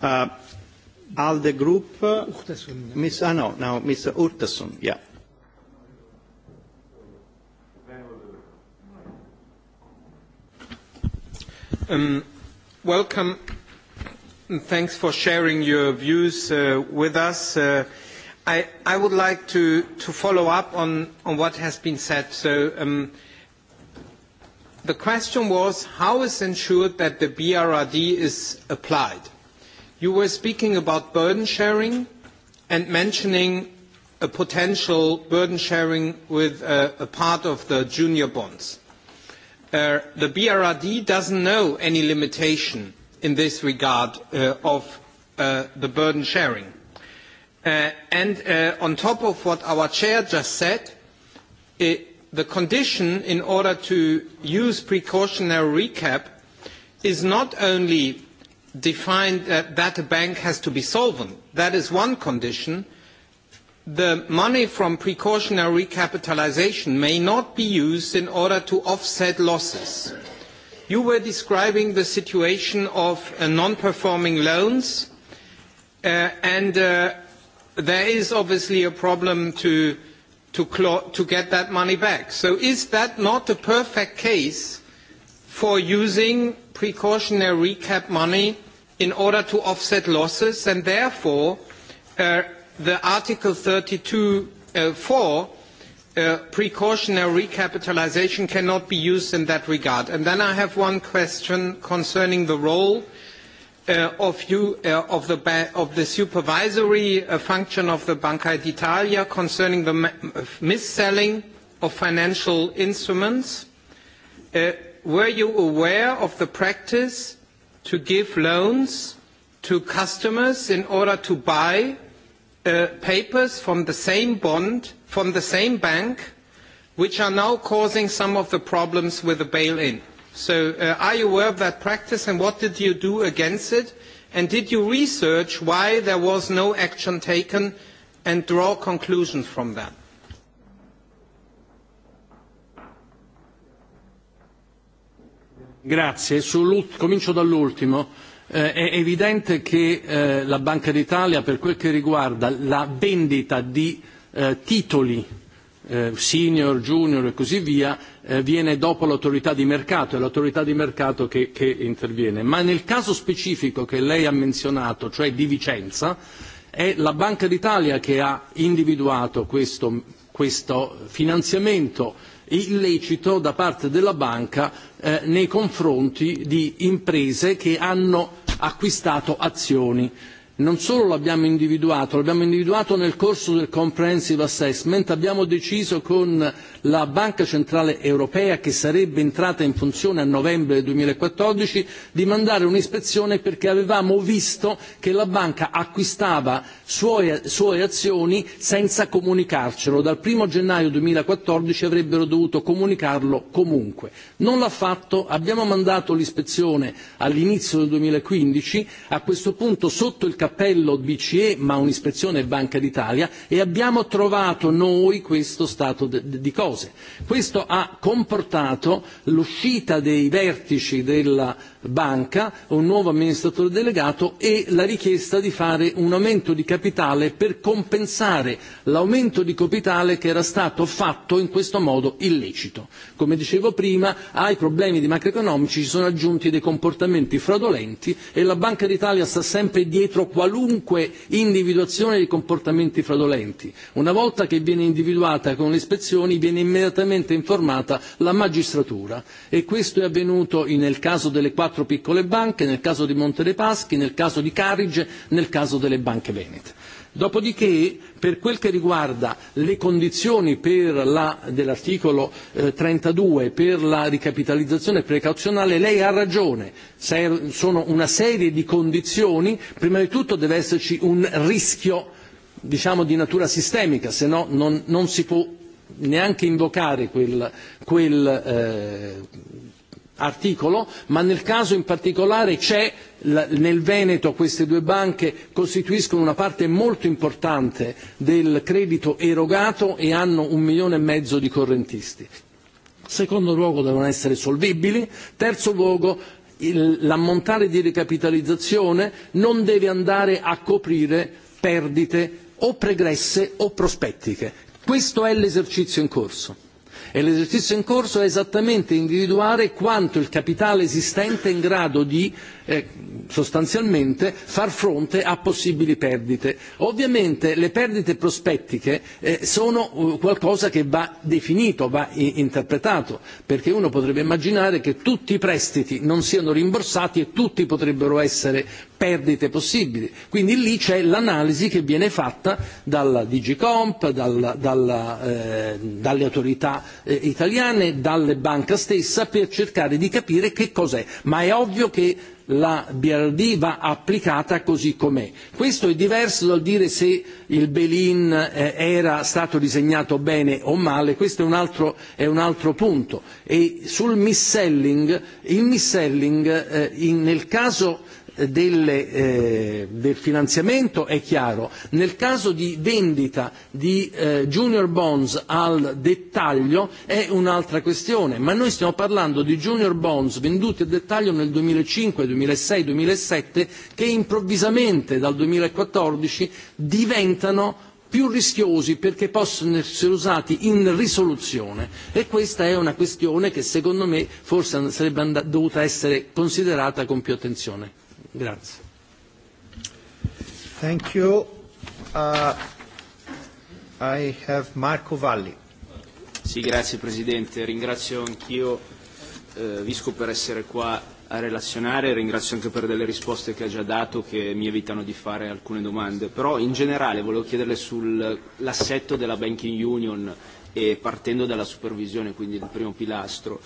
ALDE Group, Ms. Ah, no, now Mr. Urtasun, yeah. Welcome. Thanks for sharing your views with us. I would like to follow up on what has been said. So the question was, how is ensured that the BRRD is applied? You were speaking about burden sharing and mentioning a potential burden sharing with a part of the junior bonds. The BRRD doesn't know any limitation in this regard of the burden sharing. And on top of what our chair just said, the condition in order to use precautionary recap is not only defined that a bank has to be solvent. That is one condition. The money from precautionary recapitalisation may not be used in order to offset losses. You were describing the situation of non-performing loans and there is obviously a problem to to get that money back. So is that not a perfect case for using precautionary recap money in order to offset losses and therefore the Article 32.4 precautionary recapitalisation cannot be used in that regard. And then I have one question concerning the role of the supervisory function of the Banca d'Italia concerning the mis-selling of financial instruments. Were you aware of the practice to give loans to customers in order to buy papers from the same bond, from the same bank, which are now causing some of the problems with the bail-in? So are you aware of that practice and what did you do against it? And did you research why there was no action taken and draw conclusions from that? Grazie. Comincio dall'ultimo. È evidente che la Banca d'Italia per quel che riguarda la vendita di titoli senior, junior e così via, viene dopo l'autorità di mercato, è l'autorità di mercato che interviene. Ma nel caso specifico che lei ha menzionato, cioè di Vicenza, è la Banca d'Italia che ha individuato questo finanziamento illecito da parte della banca nei confronti di imprese che hanno acquistato azioni non solo l'abbiamo individuato, l'abbiamo individuato nel corso del comprehensive assessment, abbiamo deciso con la Banca Centrale Europea, che sarebbe entrata in funzione a novembre 2014, di mandare un'ispezione perché avevamo visto che la banca acquistava sue azioni senza comunicarcelo. Dal 1 gennaio 2014 avrebbero dovuto comunicarlo comunque. Non l'ha fatto, abbiamo mandato l'ispezione all'inizio del 2015, a questo punto sotto il cappello BCE ma un'ispezione Banca d'Italia e abbiamo trovato noi questo stato di cose. Questo ha comportato l'uscita dei vertici della banca, un nuovo amministratore delegato e la richiesta di fare un aumento di capitale per compensare l'aumento di capitale che era stato fatto in questo modo illecito. Come dicevo prima, ai problemi di macroeconomici si sono aggiunti dei comportamenti fraudolenti e la Banca d'Italia sta sempre dietro qualunque individuazione di comportamenti fraudolenti. Una volta che viene individuata con le ispezioni viene immediatamente informata la magistratura e questo è avvenuto nel caso delle quattro quattro piccole banche, nel caso di Monte dei Paschi, nel caso di Carige, nel caso delle banche venete. Dopodiché, per quel che riguarda le condizioni dell'articolo 32 per la ricapitalizzazione precauzionale, lei ha ragione, sono una serie di condizioni, prima di tutto deve esserci un rischio diciamo di natura sistemica, se no non si può neanche invocare quel articolo, ma nel caso in particolare c'è nel Veneto queste due banche costituiscono una parte molto importante del credito erogato e hanno un milione e mezzo di correntisti. Secondo luogo devono essere solvibili, terzo luogo l'ammontare di ricapitalizzazione non deve andare a coprire perdite o pregresse o prospettiche. Questo è l'esercizio in corso e l'esercizio in corso è esattamente individuare quanto il capitale esistente è in grado di sostanzialmente far fronte a possibili perdite. Ovviamente le perdite prospettiche sono qualcosa che va definito, va interpretato, perché uno potrebbe immaginare che tutti i prestiti non siano rimborsati e tutti potrebbero essere perdite possibili. Quindi lì c'è l'analisi che viene fatta dalla dalla, dalle autorità italiane dalle banche stessa per cercare di capire che cos'è ma è ovvio che la BRD va applicata così com'è. Questo è diverso dal dire se il Belin era stato disegnato bene o male, questo è un altro, è un altro punto. E sul mis-selling, il mis-selling nel caso del finanziamento è chiaro nel caso di vendita di junior bonds al dettaglio è un'altra questione ma noi stiamo parlando di junior bonds venduti al dettaglio nel 2005 2006 2007 che improvvisamente dal 2014 diventano più rischiosi perché possono essere usati in risoluzione e questa è una questione che secondo me forse sarebbe dovuta essere considerata con più attenzione. Grazie. Thank you. I have Marco Valli. Sì, grazie Presidente. Ringrazio anch'io Visco per essere qua a relazionare, ringrazio anche per delle risposte che ha già dato che mi evitano di fare alcune domande. Però in generale volevo chiederle sull'assetto della Banking Union e partendo dalla supervisione, quindi il primo pilastro.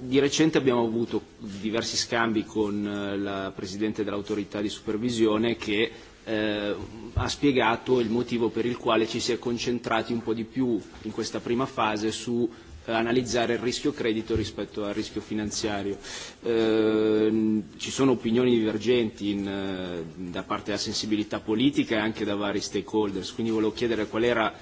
Di recente abbiamo avuto diversi scambi con la Presidente dell'autorità di supervisione che ha spiegato il motivo per il quale ci si è concentrati un po' di più in questa prima fase su analizzare il rischio credito rispetto al rischio finanziario. Ci sono opinioni divergenti da parte della sensibilità politica e anche da vari stakeholders, quindi volevo chiedere qual era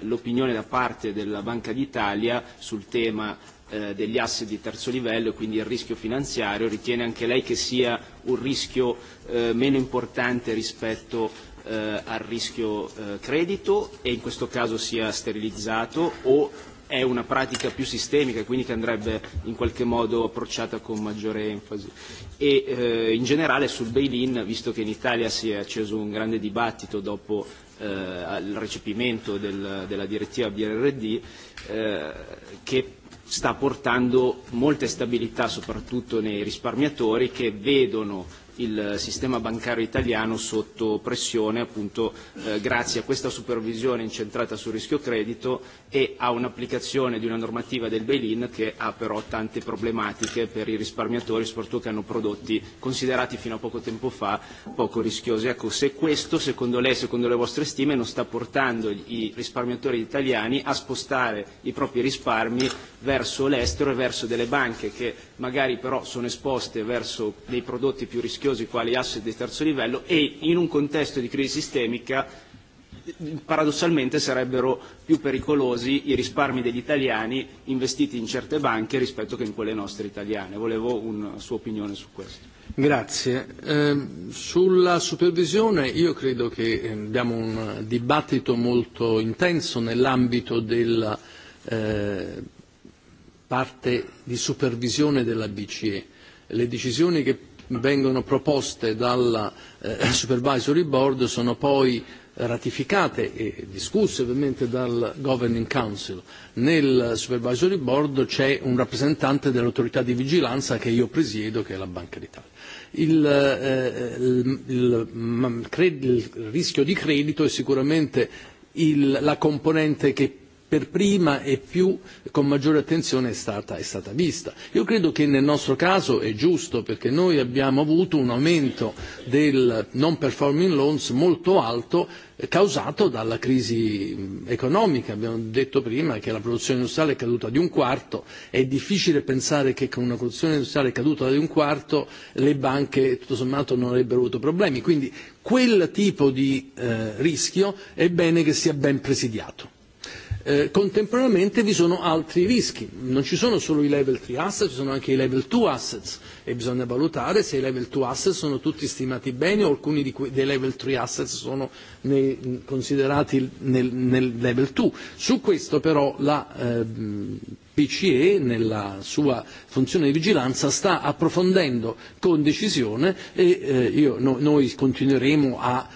l'opinione da parte della Banca d'Italia sul tema degli asset di terzo livello e quindi il rischio finanziario. Ritiene anche lei che sia un rischio meno importante rispetto al rischio credito e in questo caso sia sterilizzato o è una pratica più sistemica, e quindi che andrebbe in qualche modo approcciata con maggiore enfasi. E in generale sul bail-in, visto che in Italia si è acceso un grande dibattito dopo il recepimento della direttiva BRRD, che sta portando molte stabilità soprattutto nei risparmiatori che vedono il sistema bancario italiano sotto pressione appunto grazie a questa supervisione incentrata sul rischio credito e a un'applicazione di una normativa del bail-in che ha però tante problematiche per i risparmiatori, soprattutto che hanno prodotti considerati fino a poco tempo fa poco rischiosi. Ecco, se questo, secondo lei, secondo le vostre stime, non sta portando i risparmiatori italiani a spostare i propri risparmi verso l'estero e verso delle banche che magari però sono esposte verso dei prodotti più rischiosi rischiosi quali asset di terzo livello e in un contesto di crisi sistemica paradossalmente sarebbero più pericolosi i risparmi degli italiani investiti in certe banche rispetto che in quelle nostre italiane. Volevo una sua opinione su questo. Grazie. Sulla supervisione io credo che abbiamo un dibattito molto intenso nell'ambito della parte di supervisione della BCE. Le decisioni che vengono proposte dal Supervisory Board sono poi ratificate e discusse ovviamente dal Governing Council. Nel Supervisory Board c'è un rappresentante dell'autorità di vigilanza che io presiedo, che è la Banca d'Italia. Il rischio di credito è sicuramente la componente che per prima e più con maggiore attenzione è stata è stata vista io credo che nel nostro caso è giusto perché noi abbiamo avuto un aumento del non performing loans molto alto causato dalla crisi economica abbiamo detto prima che la produzione industriale è caduta di un quarto è difficile pensare che con una produzione industriale caduta di un quarto le banche tutto sommato non avrebbero avuto problemi quindi quel tipo di rischio è bene che sia ben presidiato Contemporaneamente vi sono altri rischi, non ci sono solo i level 3 assets, ci sono anche i level 2 assets e bisogna valutare se i level 2 assets sono tutti stimati bene o alcuni dei level 3 assets sono considerati nel level 2. Su questo però la BCE nella sua funzione di vigilanza sta approfondendo con decisione e noi continueremo a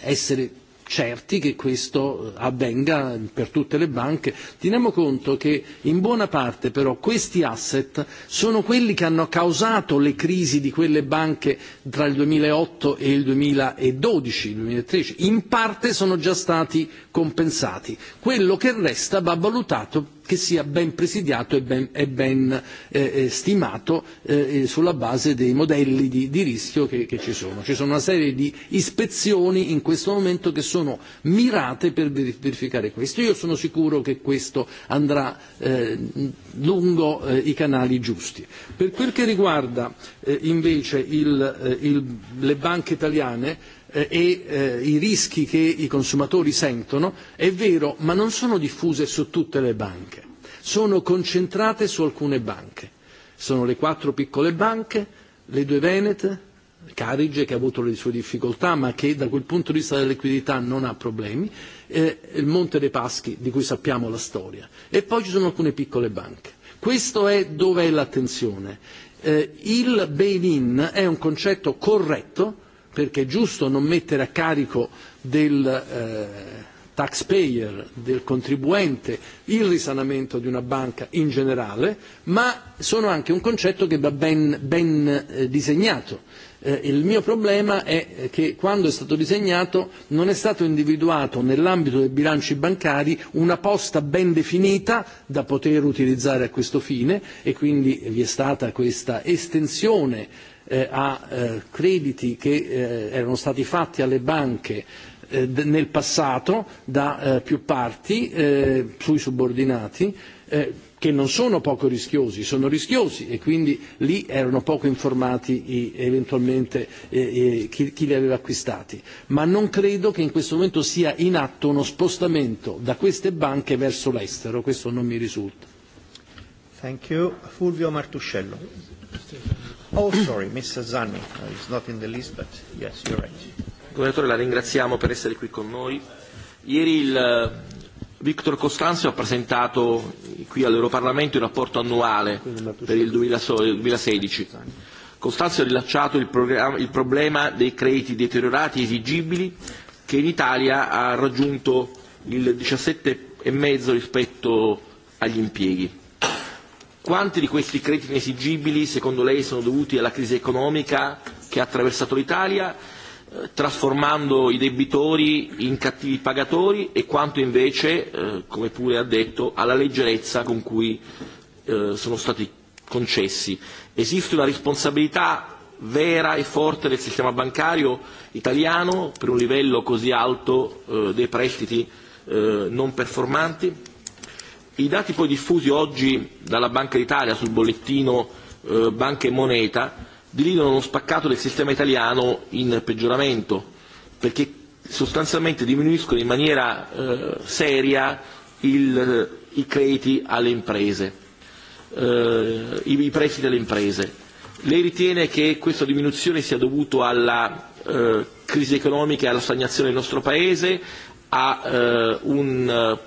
essere certi che questo avvenga per tutte le banche. Teniamo conto che in buona parte però questi asset sono quelli che hanno causato le crisi di quelle banche tra il 2008 e il 2012, il 2013. In parte sono già stati compensati. Quello che resta va valutato che sia ben presidiato e ben stimato sulla base dei modelli di rischio che ci sono. Ci sono una serie di ispezioni in questo momento che sono mirate per verificare questo. Io sono sicuro che questo andrà lungo i canali giusti. Per quel che riguarda invece le banche italiane e i rischi che i consumatori sentono è vero ma non sono diffuse su tutte le banche sono concentrate su alcune banche sono le quattro piccole banche le due venete Carige che ha avuto le sue difficoltà ma che da quel punto di vista della liquidità non ha problemi, il Monte dei Paschi di cui sappiamo la storia e poi ci sono alcune piccole banche. Questo è dove è l'attenzione. Il bail-in è un concetto corretto perché è giusto non mettere a carico del taxpayer, del contribuente, il risanamento di una banca in generale, ma sono anche un concetto che va ben disegnato. Il mio problema è che quando è stato disegnato non è stato individuato nell'ambito dei bilanci bancari una posta ben definita da poter utilizzare a questo fine e quindi vi è stata questa estensione a crediti che erano stati fatti alle banche nel passato da più parti sui subordinati che non sono poco rischiosi, sono rischiosi e quindi lì erano poco informati eventualmente chi li aveva acquistati. Ma non credo che in questo momento sia in atto uno spostamento da queste banche verso l'estero, questo non mi risulta. Thank you. Fulvio Martuscello. Oh, sorry, Mr. Zanni. not in the list, but yes, you're right. Governatore, la ringraziamo per essere qui con noi. Ieri il Victor Costanzo ha presentato qui all'Europarlamento il rapporto annuale per il 2016. Costanzo ha rilacciato il problema dei crediti deteriorati esigibili che in Italia ha raggiunto il 17,5 rispetto agli impieghi Quanti di questi crediti inesigibili, secondo lei, sono dovuti alla crisi economica che ha attraversato l'Italia, trasformando i debitori in cattivi pagatori, e quanto invece, come pure ha detto, alla leggerezza con cui sono stati concessi? Esiste una responsabilità vera e forte del sistema bancario italiano per un livello così alto dei prestiti non performanti? I dati poi diffusi oggi dalla Banca d'Italia sul bollettino Banca e Moneta delineano uno spaccato del sistema italiano in peggioramento, perché sostanzialmente diminuiscono in maniera seria i crediti alle imprese, i prestiti alle imprese. Lei ritiene che questa diminuzione sia dovuta alla crisi economica e alla stagnazione del nostro Paese, a un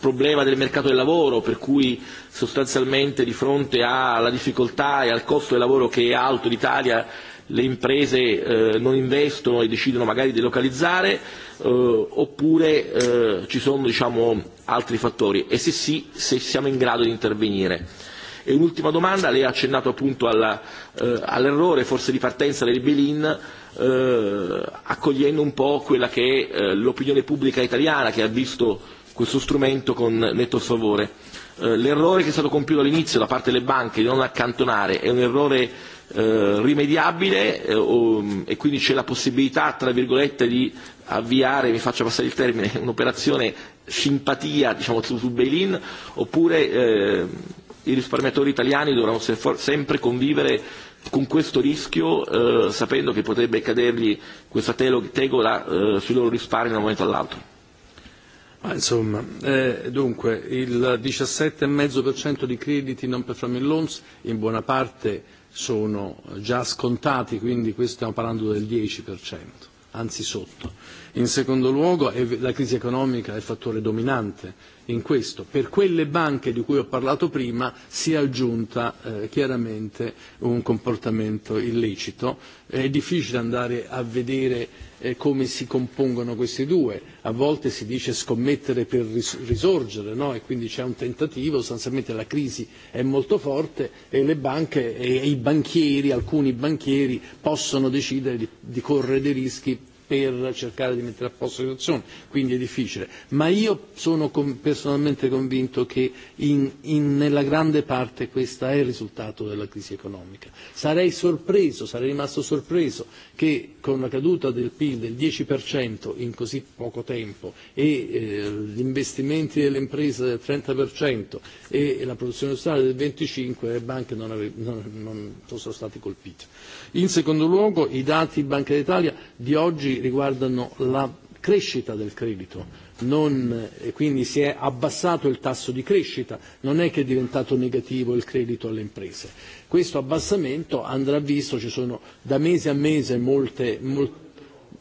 problema del mercato del lavoro per cui sostanzialmente di fronte alla difficoltà e al costo del lavoro che è alto in Italia le imprese non investono e decidono magari di localizzare oppure ci sono diciamo altri fattori e se sì se siamo in grado di intervenire. E un'ultima domanda, lei ha accennato appunto all'errore forse di partenza del Belin accogliendo un po' quella che è l'opinione pubblica italiana che ha visto questo strumento con netto favore. L'errore che è stato compiuto all'inizio da parte delle banche di non accantonare è un errore rimediabile e quindi c'è la possibilità, tra virgolette, di avviare, mi faccio passare il termine, un'operazione simpatia, diciamo, su bail-in, oppure i risparmiatori italiani dovranno sempre convivere con questo rischio sapendo che potrebbe cadergli questa tegola sui loro risparmi da un momento all'altro. Insomma, dunque, il 17,5% di crediti non performing loans in buona parte sono già scontati, quindi questo stiamo parlando del 10%, anzi sotto. In secondo luogo, la crisi economica è il fattore dominante in questo. Per quelle banche di cui ho parlato prima si è aggiunta chiaramente un comportamento illecito. È difficile andare a vedere come si compongono questi due. A volte si dice scommettere per risorgere e quindi c'è un tentativo, sostanzialmente la crisi è molto forte e le banche e i banchieri, alcuni banchieri, possono decidere di correre dei rischi per cercare di mettere a posto la situazione, quindi è difficile. Ma io sono personalmente convinto che nella grande parte questo è il risultato della crisi economica. Sarei sorpreso, sarei rimasto sorpreso che con una caduta del PIL del 10% in così poco tempo e gli investimenti delle imprese del 30% e la produzione industriale del 25% le banche non fossero state colpite. In secondo luogo, i dati Banca d'Italia di oggi riguardano la crescita del credito non quindi si è abbassato il tasso di crescita non è che è diventato negativo il credito alle imprese questo abbassamento andrà visto ci sono da mese a mese molte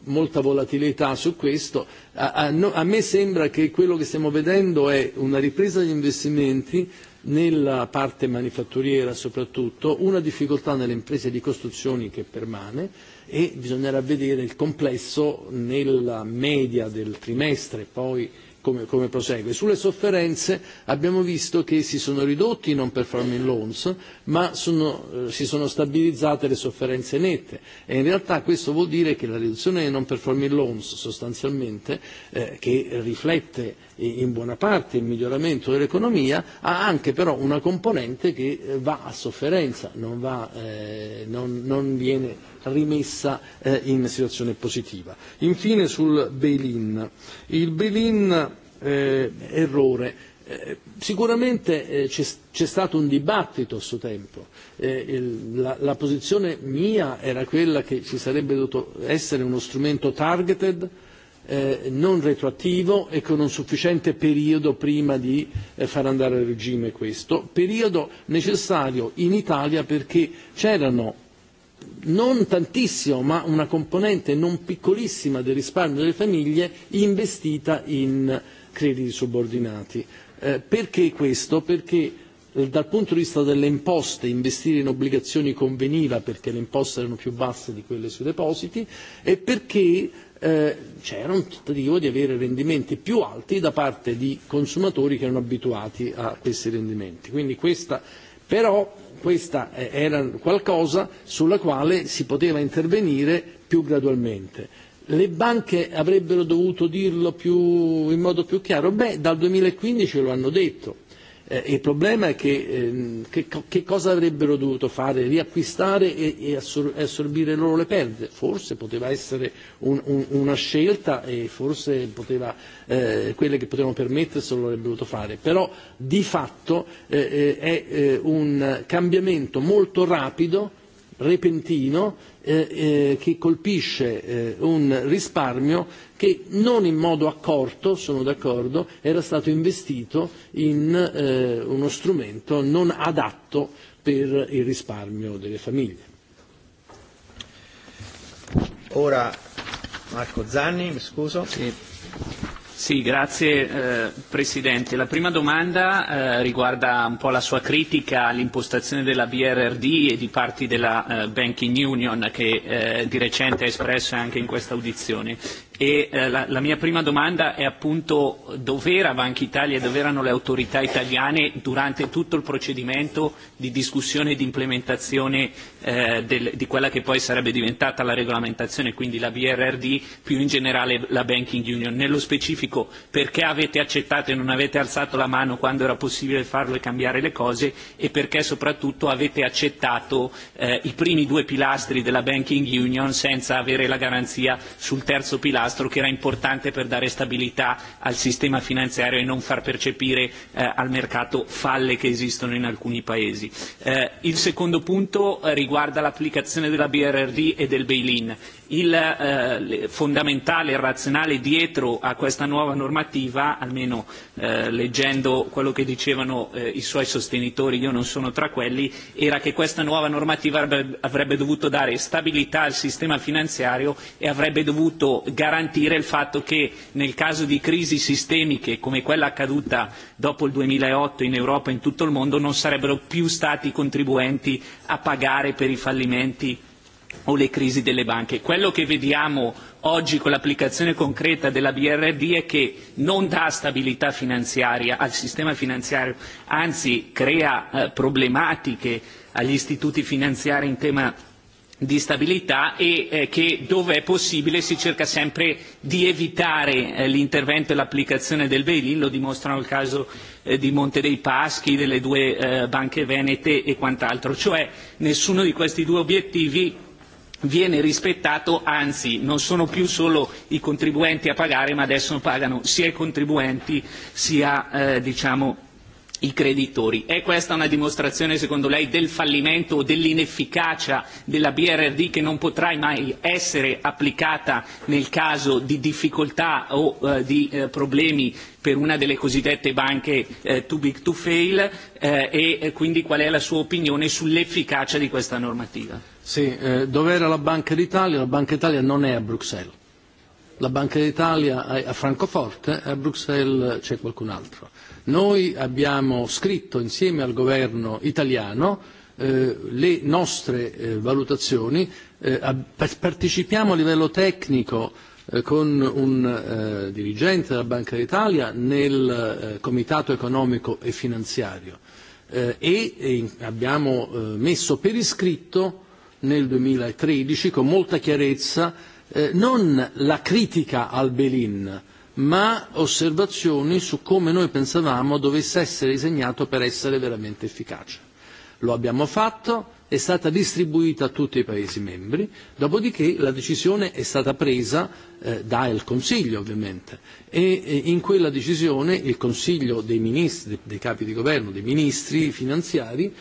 molta volatilità su questo a me sembra che quello che stiamo vedendo è una ripresa degli investimenti nella parte manifatturiera soprattutto, una difficoltà nelle imprese di costruzioni che permane e bisognerà vedere il complesso nella media del trimestre poi come, come prosegue. Sulle sofferenze abbiamo visto che si sono ridotti i non performing loans, ma si sono stabilizzate le sofferenze nette e in realtà questo vuol dire che la riduzione dei non performing loans sostanzialmente, che riflette in buona parte il miglioramento dell'economia, ha anche però una componente che va a sofferenza, non, va, non, non viene rimessa in situazione positiva. Infine sul bail-in. Il bail-in errore. Sicuramente c'è stato un dibattito a suo tempo, la posizione mia era quella che ci sarebbe dovuto essere uno strumento targeted non retroattivo e con un sufficiente periodo prima di far andare al regime questo, periodo necessario in Italia perché c'erano non tantissimo ma una componente non piccolissima del risparmio delle famiglie investita in crediti subordinati. Perché questo? Perché dal punto di vista delle imposte investire in obbligazioni conveniva perché le imposte erano più basse di quelle sui depositi e perché c'era un tentativo di avere rendimenti più alti da parte di consumatori che erano abituati a questi rendimenti. Quindi questa però questa era qualcosa sulla quale si poteva intervenire più gradualmente. Le banche avrebbero dovuto dirlo più in modo più chiaro? Beh, dal 2015 lo hanno detto Il problema è che che cosa avrebbero dovuto fare? Riacquistare e assorbire loro le perdite? Forse poteva essere una scelta e forse poteva quelle che potevano lo avrebbero dovuto fare. Però di fatto è un cambiamento molto rapido repentino che colpisce un risparmio che non in modo accorto, sono d'accordo, era stato investito in uno strumento non adatto per il risparmio delle famiglie. Ora Marco Zanni, mi scuso. Sì, grazie Presidente. La prima domanda riguarda un po' la sua critica all'impostazione della BRRD e di parti della Banking Union che di recente ha espresso anche in questa audizione. E la mia prima domanda è appunto dov'era Banca Italia e dov'erano le autorità italiane durante tutto il procedimento di discussione e di implementazione di quella che poi sarebbe diventata la regolamentazione, quindi la BRRD, più in generale la Banking Union. Nello specifico perché avete accettato e non avete alzato la mano quando era possibile farlo e cambiare le cose e perché soprattutto avete accettato i primi due pilastri della Banking Union senza avere la garanzia sul terzo pilastro disastro che era importante per dare stabilità al sistema finanziario e non far percepire al mercato falle che esistono in alcuni paesi. Il secondo punto riguarda l'applicazione della BRRD e del bail in il fondamentale e razionale dietro a questa nuova normativa, almeno leggendo quello che dicevano i suoi sostenitori, io non sono tra quelli, era che questa nuova normativa avrebbe dovuto dare stabilità al sistema finanziario e avrebbe dovuto garantire il fatto che nel caso di crisi sistemiche come quella accaduta dopo il 2008 in Europa e in tutto il mondo non sarebbero più stati i contribuenti a pagare per i fallimenti o le crisi delle banche. Quello che vediamo oggi con l'applicazione concreta della BRD è che non dà stabilità finanziaria al sistema finanziario, anzi crea problematiche agli istituti finanziari in tema di stabilità e che dove è possibile si cerca sempre di evitare l'intervento e l'applicazione del bail in lo dimostrano il caso di Monte dei Paschi, delle due banche venete e quant'altro, cioè nessuno di questi due obiettivi viene rispettato, anzi non sono più solo i contribuenti a pagare, ma adesso pagano sia i contribuenti sia diciamo i creditori. È questa una dimostrazione, secondo lei, del fallimento o dell'inefficacia della BRD che non potrà mai essere applicata nel caso di difficoltà o di problemi per una delle cosiddette banche too big to fail e quindi qual è la sua opinione sull'efficacia di questa normativa? Sì, dove la Banca d'Italia? La Banca d'Italia non è a Bruxelles. La Banca d'Italia è a Francoforte e a Bruxelles c'è qualcun altro Noi abbiamo scritto insieme al governo italiano le nostre valutazioni, partecipiamo a livello tecnico con un dirigente della Banca d'Italia nel Comitato economico e finanziario e abbiamo messo per iscritto nel 2013 con molta chiarezza non la critica al Belin ma osservazioni su come noi pensavamo dovesse essere disegnato per essere veramente efficace. Lo abbiamo fatto è stata distribuita a tutti i Paesi membri, dopodiché la decisione è stata presa dal Consiglio ovviamente e in quella decisione il Consiglio dei Ministri, dei capi di governo, dei ministri finanziari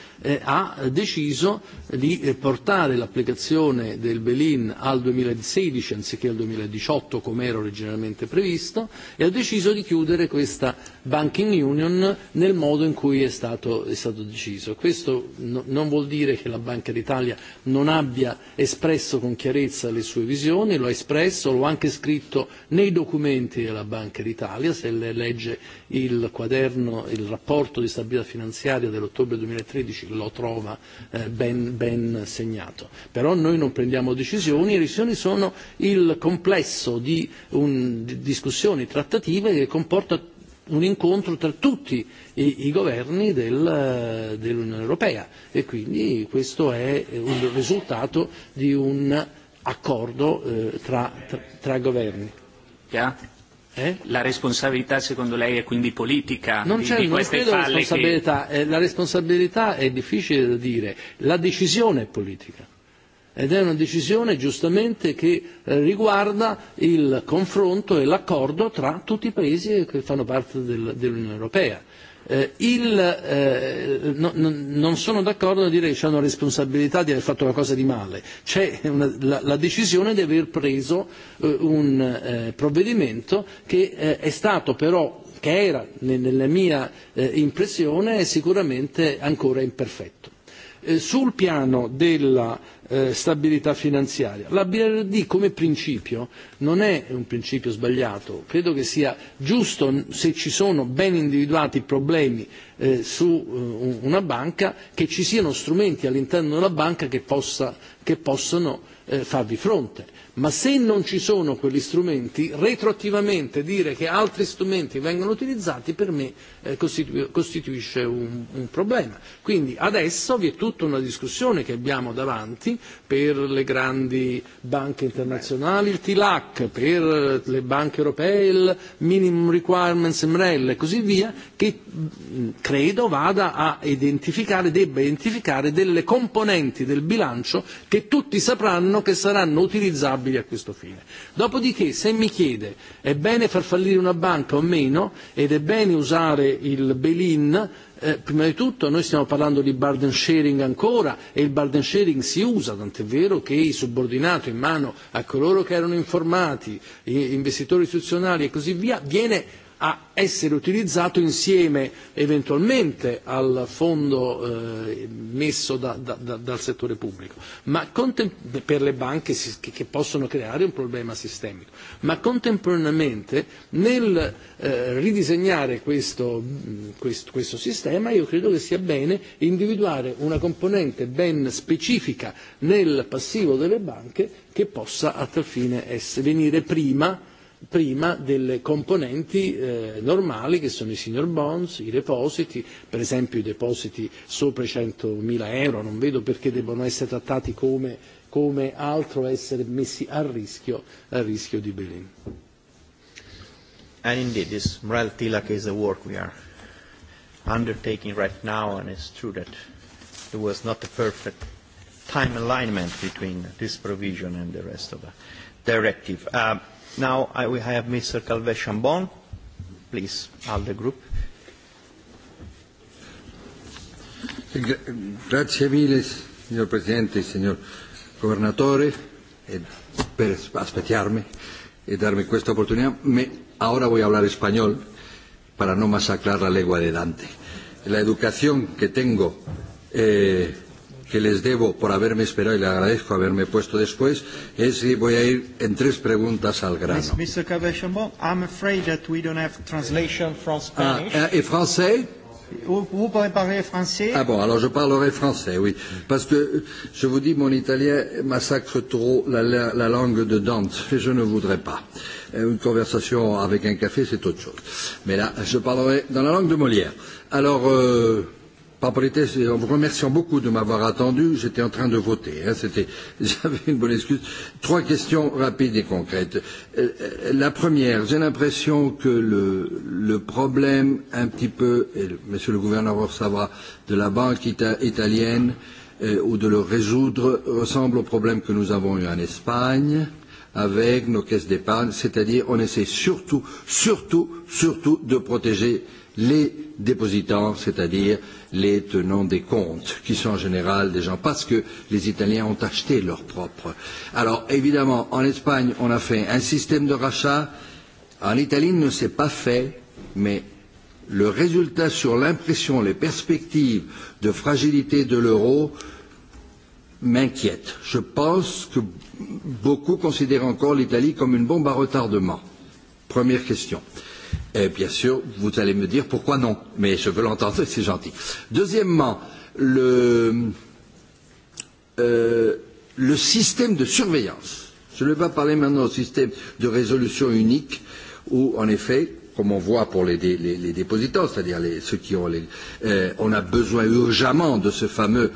ha deciso di portare l'applicazione del Belin al 2016 anziché al 2018 come era originariamente previsto e ha deciso di chiudere questa Banking Union nel modo in cui è stato deciso. Questo non vuol dire che la Banca d'Italia non abbia espresso con chiarezza le sue visioni, lo ha espresso, lo ha anche scritto nei documenti della Banca d'Italia, se legge il quaderno, il rapporto di stabilità finanziaria dell'ottobre 2013 lo trova ben segnato. Però noi non prendiamo decisioni, le decisioni sono il complesso di discussioni trattative che comporta un incontro tra tutti i governi dell'Unione Europea e quindi questo è il risultato di un accordo tra governi. La responsabilità secondo lei è quindi politica non c'è, di non Responsabilità. La responsabilità è difficile da dire, la decisione è politica ed è una decisione giustamente che riguarda il confronto e l'accordo tra tutti i paesi che fanno parte dell'Unione Europea. Non sono d'accordo a dire che c'è una responsabilità di aver fatto una cosa di male, c'è la decisione di aver preso un provvedimento che è stato però, che era nella mia impressione, sicuramente ancora imperfetto sul piano della stabilità finanziaria. La BRD come principio non è un principio sbagliato, credo che sia giusto se ci sono ben individuati problemi su una banca che ci siano strumenti all'interno della banca che possano farvi fronte ma se non ci sono quegli strumenti, retroattivamente dire che altri strumenti vengono utilizzati per me costituisce un problema. Quindi adesso vi è tutta una discussione che abbiamo davanti per le grandi banche internazionali, il TILAC, per le banche europee, il Minimum Requirements MREL e così via, che credo vada a identificare, debba identificare delle componenti del bilancio che tutti sapranno che saranno utilizzabili a questo fine. Dopodiché se mi chiede è bene far fallire una banca o meno ed è bene usare il bail-in, prima di tutto noi stiamo parlando di burden sharing ancora e il burden sharing si usa, tant'è vero che il subordinato in mano a coloro che erano informati, investitori istituzionali e così via, viene a essere utilizzato insieme eventualmente al fondo messo dal settore pubblico ma per le banche che possono creare un problema sistemico ma contemporaneamente nel ridisegnare questo questo sistema io credo che sia bene individuare una componente ben specifica nel passivo delle banche che possa a tal fine venire prima prima delle componenti normali che sono i senior bonds, i depositi, per esempio i depositi sopra i 100.000 euro, non vedo perché debbano essere trattati come come altro essere messi a rischio a rischio di Belin. And indeed, this Morel Tilak is the work we are undertaking right now, and it's true that there was not a perfect time alignment between this provision and the rest of the directive. Now I will have Mr. Calvet Chambon. Please, ALDE Group. Grazie mille, signor Presidente, signor Governatore, per aspettarme y darme esta oportunidad. Ahora voy a hablar español para no masacrar la lengua de Dante. La educación que tengo eh, que les debo por haberme esperado y le agradezco haberme puesto después es si voy a ir en tres preguntas al grano. Mr. I'm afraid that we don't have translation from Spanish. Ah, ¿Et français? Vous pouvez parler français Ah bon, alors je parlerai français, oui. Parce que, je vous dis, mon italien massacre trop la, la, la langue de Dante, et je ne voudrais pas. Une conversation avec un café, c'est autre chose. Mais là, je parlerai dans la langue de Molière. Alors, euh, par politesse, en vous remerciant beaucoup de m'avoir attendu, j'étais en train de voter. Hein, J'avais une bonne excuse. Trois questions rapides et concrètes. La première, j'ai l'impression que le, le problème un petit peu, et monsieur le gouverneur savoir, de la banque italienne ou de le résoudre ressemble au problème que nous avons eu en Espagne avec nos caisses d'épargne, c'est-à-dire on essaie surtout, surtout, surtout de protéger les dépositants, c'est-à-dire les tenants des comptes, qui sont en général des gens, parce que les Italiens ont acheté leurs propres. Alors, évidemment, en Espagne, on a fait un système de rachat. En Italie, il ne s'est pas fait, mais le résultat sur l'impression, les perspectives de fragilité de l'euro m'inquiète. Je pense que beaucoup considèrent encore l'Italie comme une bombe à retardement. Première question. Bien sûr, vous allez me dire pourquoi non, mais je veux l'entendre, c'est gentil. Deuxièmement, le système de surveillance. Je ne vais pas parler maintenant du système de résolution unique, où, en effet, comme on voit pour les dépositants, c'est-à-dire ceux qui ont les. On a besoin urgemment de ce fameux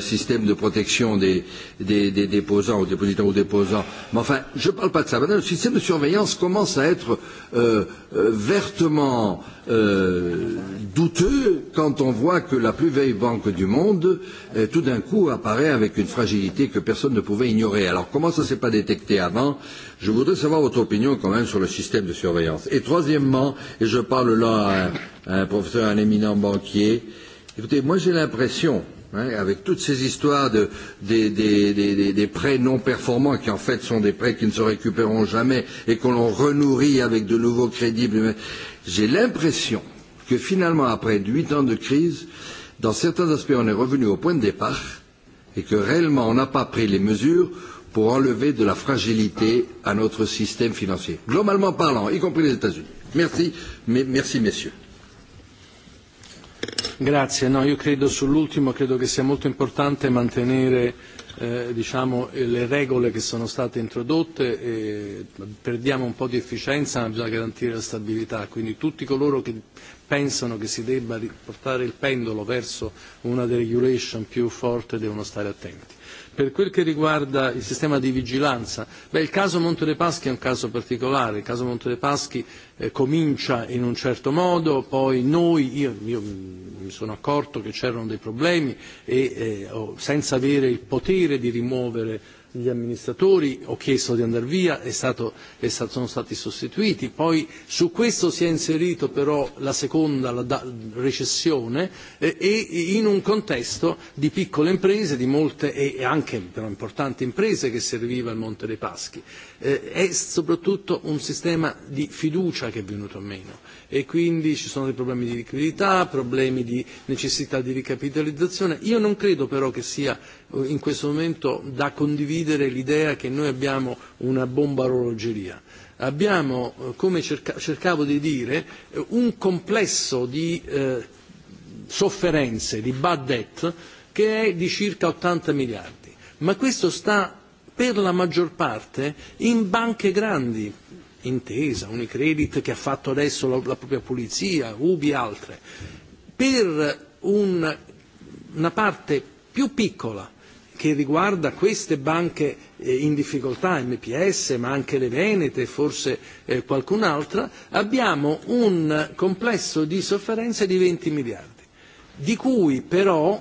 système de protection des des, des déposants, ou dépositants ou déposants. Mais enfin, je ne parle pas de ça. Maintenant, le système de surveillance commence à être vertement douteux quand on voit que la plus vieille banque du monde, tout d'un coup, apparaît avec une fragilité que personne ne pouvait ignorer. Alors comment ça ne s'est pas détecté avant Je voudrais savoir votre opinion quand même sur le système de surveillance. Et troisièmement, et je parle là à un professeur, un éminent banquier, écoutez, moi j'ai l'impression, avec toutes ces histoires de, des, des, des, des prêts non performants qui en fait sont des prêts qui ne se récupéreront jamais et qu'on l'on renourrit avec de nouveaux crédits, J'ai l'impression que finalement, après huit ans de crise, dans certains aspects, on est revenu au point de départ et que réellement, on n'a pas pris les mesures pour enlever de la fragilité à notre système financier, globalement parlant, y compris les États-Unis. Merci, messieurs. Grazie, no, io credo sull'ultimo, credo che sia molto importante mantenere diciamo le regole che sono state introdotte e perdiamo un po' di efficienza ma bisogna garantire la stabilità quindi tutti coloro che pensano che si debba portare il pendolo verso una deregulation più forte devono stare attenti Per quel che riguarda il sistema di vigilanza, il caso Monte dei Paschi è un caso particolare, il caso Monte dei Paschi comincia in un certo modo, poi noi, io mi sono accorto che c'erano dei problemi e senza avere il potere di rimuovere gli amministratori, ho chiesto di andare via, è stato, è sono stati sostituiti. Poi su questo si è inserito però la seconda la recessione e in un contesto di piccole imprese, di molte e anche però importanti imprese che serviva il Monte dei Paschi è soprattutto un sistema di fiducia che è venuto meno e quindi ci sono dei problemi di liquidità, problemi di necessità di ricapitalizzazione. Io non credo però che sia in questo momento da condividere l'idea che noi abbiamo una bomba orologeria. Abbiamo, come cercavo di dire, un complesso di sofferenze, di bad debt, che è di circa 80 miliardi. Ma questo sta per la maggior parte in banche grandi, Intesa, Unicredit che ha fatto adesso la propria pulizia, Ubi e altre, per una parte più piccola che riguarda queste banche in difficoltà, MPS, ma anche le Venete, forse qualcun'altra, abbiamo un complesso di sofferenze di 20 miliardi, di cui però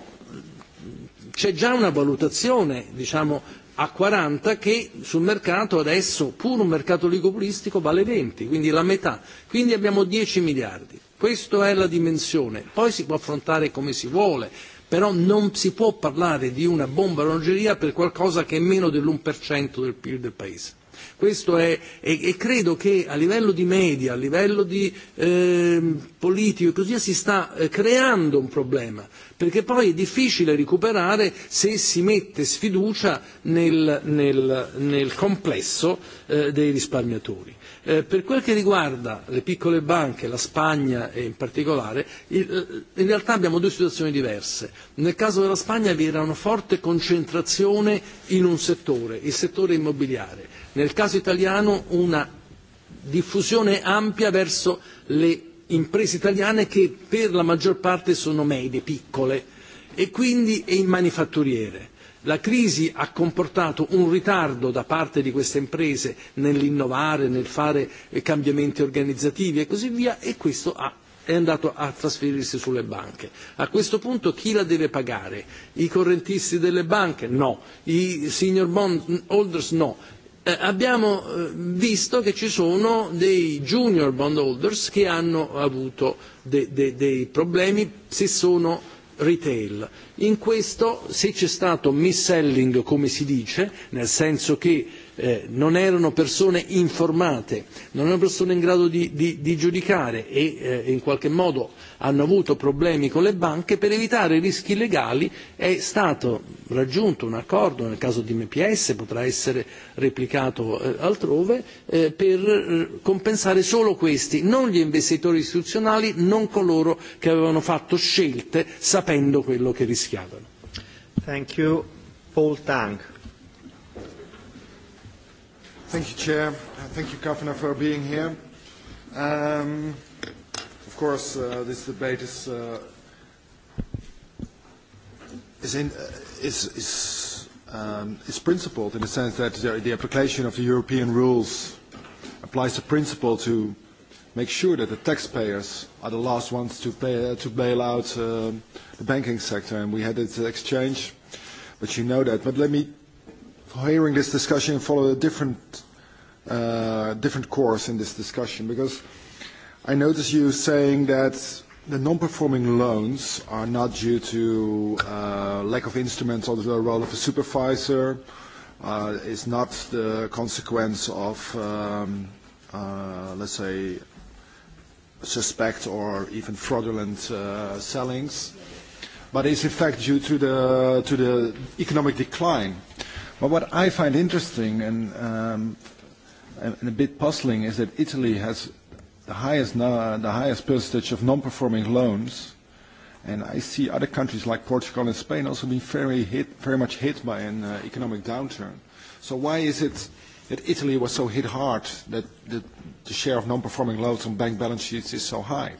c'è già una valutazione diciamo a 40 che sul mercato adesso, pur un mercato oligopolistico, vale 20, quindi la metà. Quindi abbiamo 10 miliardi. Questa è la dimensione. Poi si può affrontare come si vuole, però non si può parlare di una bomba orologeria per qualcosa che è meno dell'1% del PIL del Paese. Questo è e credo che a livello di media, a livello di politico e così si sta creando un problema, perché poi è difficile recuperare se si mette sfiducia nel complesso dei risparmiatori. Per quel che riguarda le piccole banche, la Spagna in particolare, in realtà abbiamo due situazioni diverse. Nel caso della Spagna vi era una forte concentrazione in un settore, il settore immobiliare nel caso italiano una diffusione ampia verso le imprese italiane che per la maggior parte sono medie, piccole e quindi e manifatturiere. La crisi ha comportato un ritardo da parte di queste imprese nell'innovare, nel fare cambiamenti organizzativi e così via e questo ha è andato a trasferirsi sulle banche. A questo punto chi la deve pagare? I correntisti delle banche? No. I senior bond holders? No abbiamo visto che ci sono dei junior bondholders che hanno avuto dei problemi se sono retail. In questo se c'è stato mis-selling, come si dice, nel senso che non erano persone informate, non erano persone in grado di giudicare e in qualche modo hanno avuto problemi con le banche, per evitare rischi legali è stato raggiunto un accordo, nel caso di MPS potrà essere replicato altrove, per compensare solo questi, non gli investitori istituzionali, non coloro che avevano fatto scelte sapendo quello che rischiavano. Thank you. Paul Tang. Thank you, Chair. Thank you, Governor, for being here. Um, of course, this debate is is in is is um, is principled in the sense that the application of the European rules applies the principle to make sure that the taxpayers are the last ones to pay to bail out the banking sector. And we had this exchange, but you know that. But let me hearing this discussion follow a different different course in this discussion because I notice you saying that the non-performing loans are not due to lack of instruments or the role of a supervisor, is not the consequence of, let's say, suspect or even fraudulent sellings, but is in fact due to the to the economic decline. But what I find interesting and a bit puzzling is that Italy has the highest the highest percentage of non-performing loans, and I see other countries like Portugal and Spain also being very hit, very much hit by an economic downturn. So why is it that Italy was so hit hard that the share of non-performing loans on bank balance sheets is so high?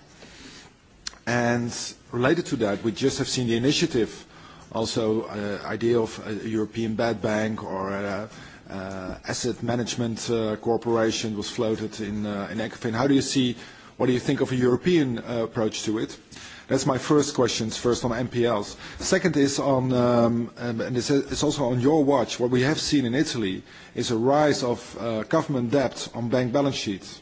And related to that, we just have seen the initiative also idea of a European bad bank or asset management corporation was floated in ECOFIN. How do you see, what do you think of a European approach to it? That's my first question, first on MPLs. Second is on, and this also on your watch, what we have seen in Italy is a rise of government debt on bank balance sheets.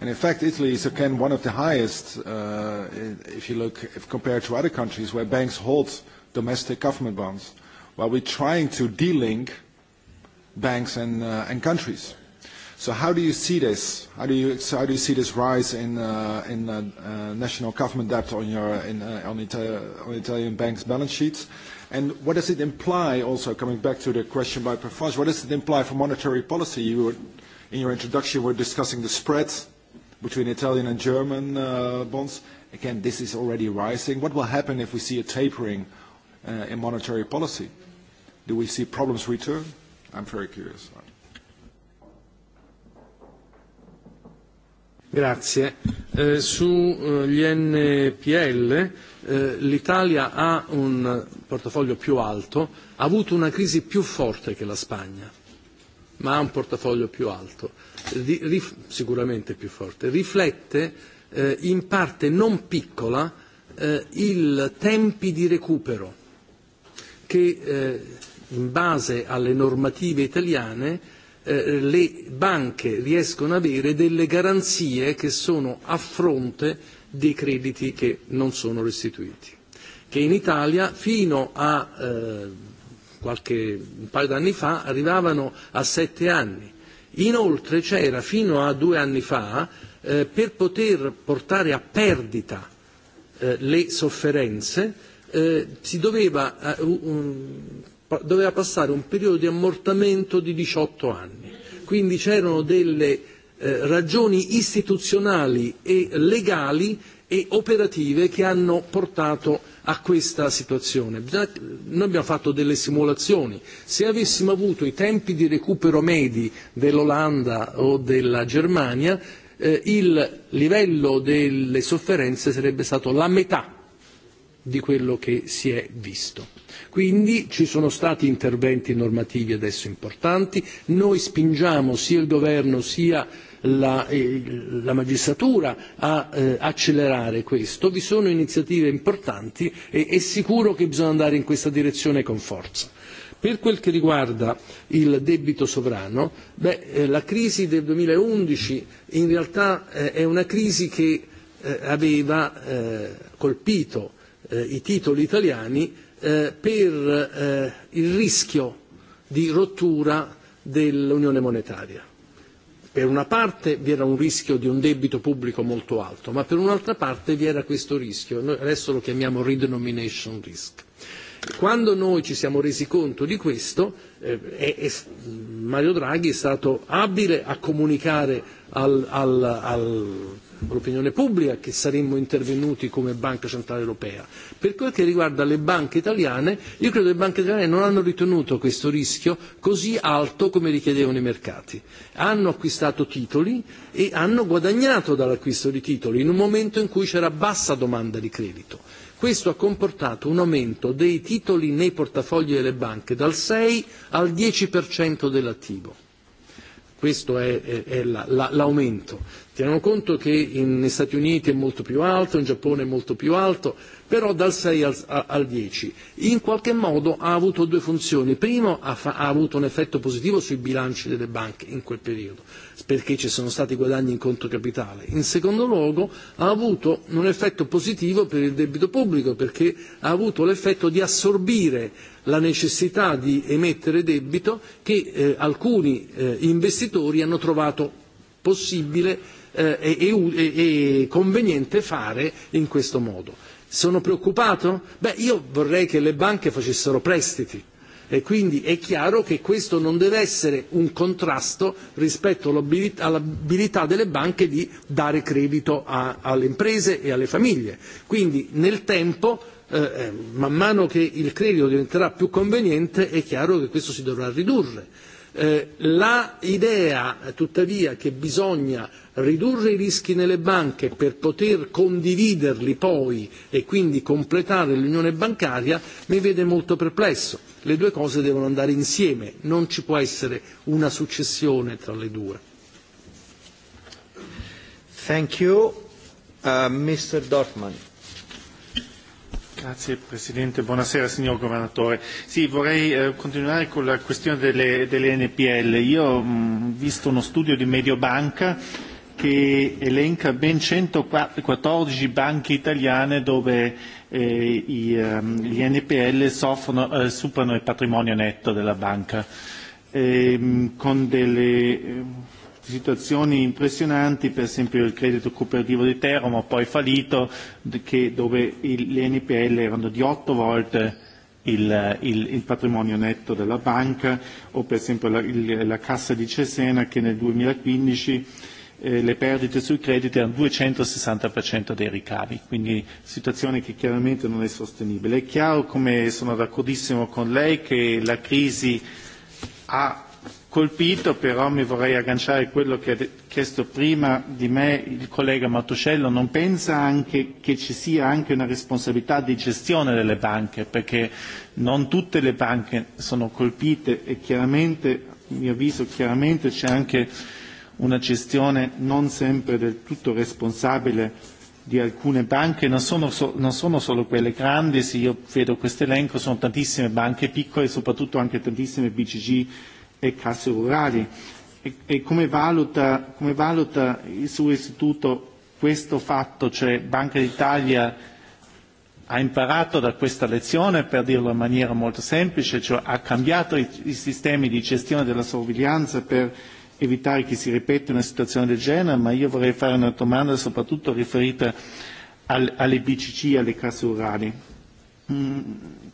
And in fact, Italy is again one of the highest, if you look, if compared to other countries where banks hold domestic government bonds, while we're trying to de-link banks and countries. So how do you see this? How do you see this rise in national government debt on Italian banks' balance sheets? And what does it imply, also coming back to the question by Professor, what does it imply for monetary policy? In your introduction, were discussing the spreads between Italian and German bonds. Again, this is already rising. What will happen if we see a tapering in monetary policy. Do we see problems return? I'm very curious. Grazie. Sugli NPL l'Italia ha un portafoglio più alto, ha avuto una crisi più forte che la Spagna, ma ha un portafoglio più alto, sicuramente più forte. Riflette in parte non piccola i tempi di recupero che in base alle normative italiane le banche riescono ad avere delle garanzie che sono a fronte dei crediti che non sono restituiti, che in Italia fino a qualche un paio d'anni fa arrivavano a sette anni. Inoltre c'era fino a due anni fa per poter portare a perdita le sofferenze si doveva doveva passare un periodo di ammortamento di 18 anni quindi c'erano delle ragioni istituzionali e legali e operative che hanno portato a questa situazione. Noi abbiamo fatto delle simulazioni. Se avessimo avuto i tempi di recupero medi dell'Olanda o della Germania, il livello delle sofferenze sarebbe stato la metà di quello che si è visto. Quindi ci sono stati interventi normativi adesso importanti, noi spingiamo sia il governo sia la magistratura a accelerare questo, vi sono iniziative importanti e è sicuro che bisogna andare in questa direzione con forza. Per quel che riguarda il debito sovrano, la crisi del 2011 in realtà è una crisi che aveva colpito i titoli italiani per il rischio di rottura dell'unione monetaria. Per una parte vi era un rischio di un debito pubblico molto alto, ma per un'altra parte vi era questo rischio, noi adesso lo chiamiamo redenomination risk. Quando noi ci siamo resi conto di questo, Mario Draghi è stato abile a comunicare al all'opinione pubblica che saremmo intervenuti come Banca Centrale Europea. Per quel che riguarda le banche italiane, io credo che le banche italiane non hanno ritenuto questo rischio così alto come richiedevano i mercati. Hanno acquistato titoli e hanno guadagnato dall'acquisto di titoli in un momento in cui c'era bassa domanda di credito. Questo ha comportato un aumento dei titoli nei portafogli delle banche dal 6 al 10% dell'attivo. Questo è l'aumento. Teniamo conto che negli Stati Uniti è molto più alto, in Giappone è molto più alto, però dal 6 al 10. In qualche modo ha avuto due funzioni. Primo, ha avuto un effetto positivo sui bilanci delle banche in quel periodo, perché ci sono stati guadagni in conto capitale. In secondo luogo, ha avuto un effetto positivo per il debito pubblico, perché ha avuto l'effetto di assorbire la necessità di emettere debito che alcuni investitori hanno trovato possibile e conveniente fare in questo modo. Sono preoccupato? Beh, io vorrei che le banche facessero prestiti e quindi è chiaro che questo non deve essere un contrasto rispetto all'abilità delle banche di dare credito alle imprese e alle famiglie. Quindi nel tempo man mano che il credito diventerà più conveniente è chiaro che questo si dovrà ridurre. L'idea tuttavia che bisogna ridurre i rischi nelle banche per poter condividerli poi e quindi completare l'unione bancaria mi vede molto perplesso. Le due cose devono andare insieme, non ci può essere una successione tra le due. Thank you. Mr. Dortmund. Grazie Presidente, buonasera signor Governatore. Sì, vorrei continuare con la questione delle NPL. Io ho visto uno studio di Mediobanca che elenca ben 114 banche italiane dove gli NPL superano il patrimonio netto della banca, con delle situazioni impressionanti, per esempio il credito cooperativo di Teramo, poi fallito, dove gli NPL erano di 8 volte il patrimonio netto della banca, o per esempio la Cassa di Cesena che nel 2015 le perdite sui crediti al 260% dei ricavi, quindi situazione che chiaramente non è sostenibile. È chiaro, come sono d'accordissimo con lei, che la crisi ha colpito, però mi vorrei agganciare quello che ha chiesto prima di me il collega Mattuscello, non pensa anche che ci sia anche una responsabilità di gestione delle banche, perché non tutte le banche sono colpite e chiaramente, a mio avviso, chiaramente c'è anche una gestione non sempre del tutto responsabile di alcune banche, non sono, non sono solo quelle grandi, se io vedo questo elenco sono tantissime banche piccole, soprattutto anche tantissime BCG e casse rurali. E, e come, valuta, come valuta il suo istituto questo fatto, cioè Banca d'Italia ha imparato da questa lezione, per dirlo in maniera molto semplice, cioè ha cambiato i, i sistemi di gestione della sorveglianza per evitare che si ripeta una situazione del genere, ma io vorrei fare una domanda soprattutto riferita alle BCC, alle casse rurali.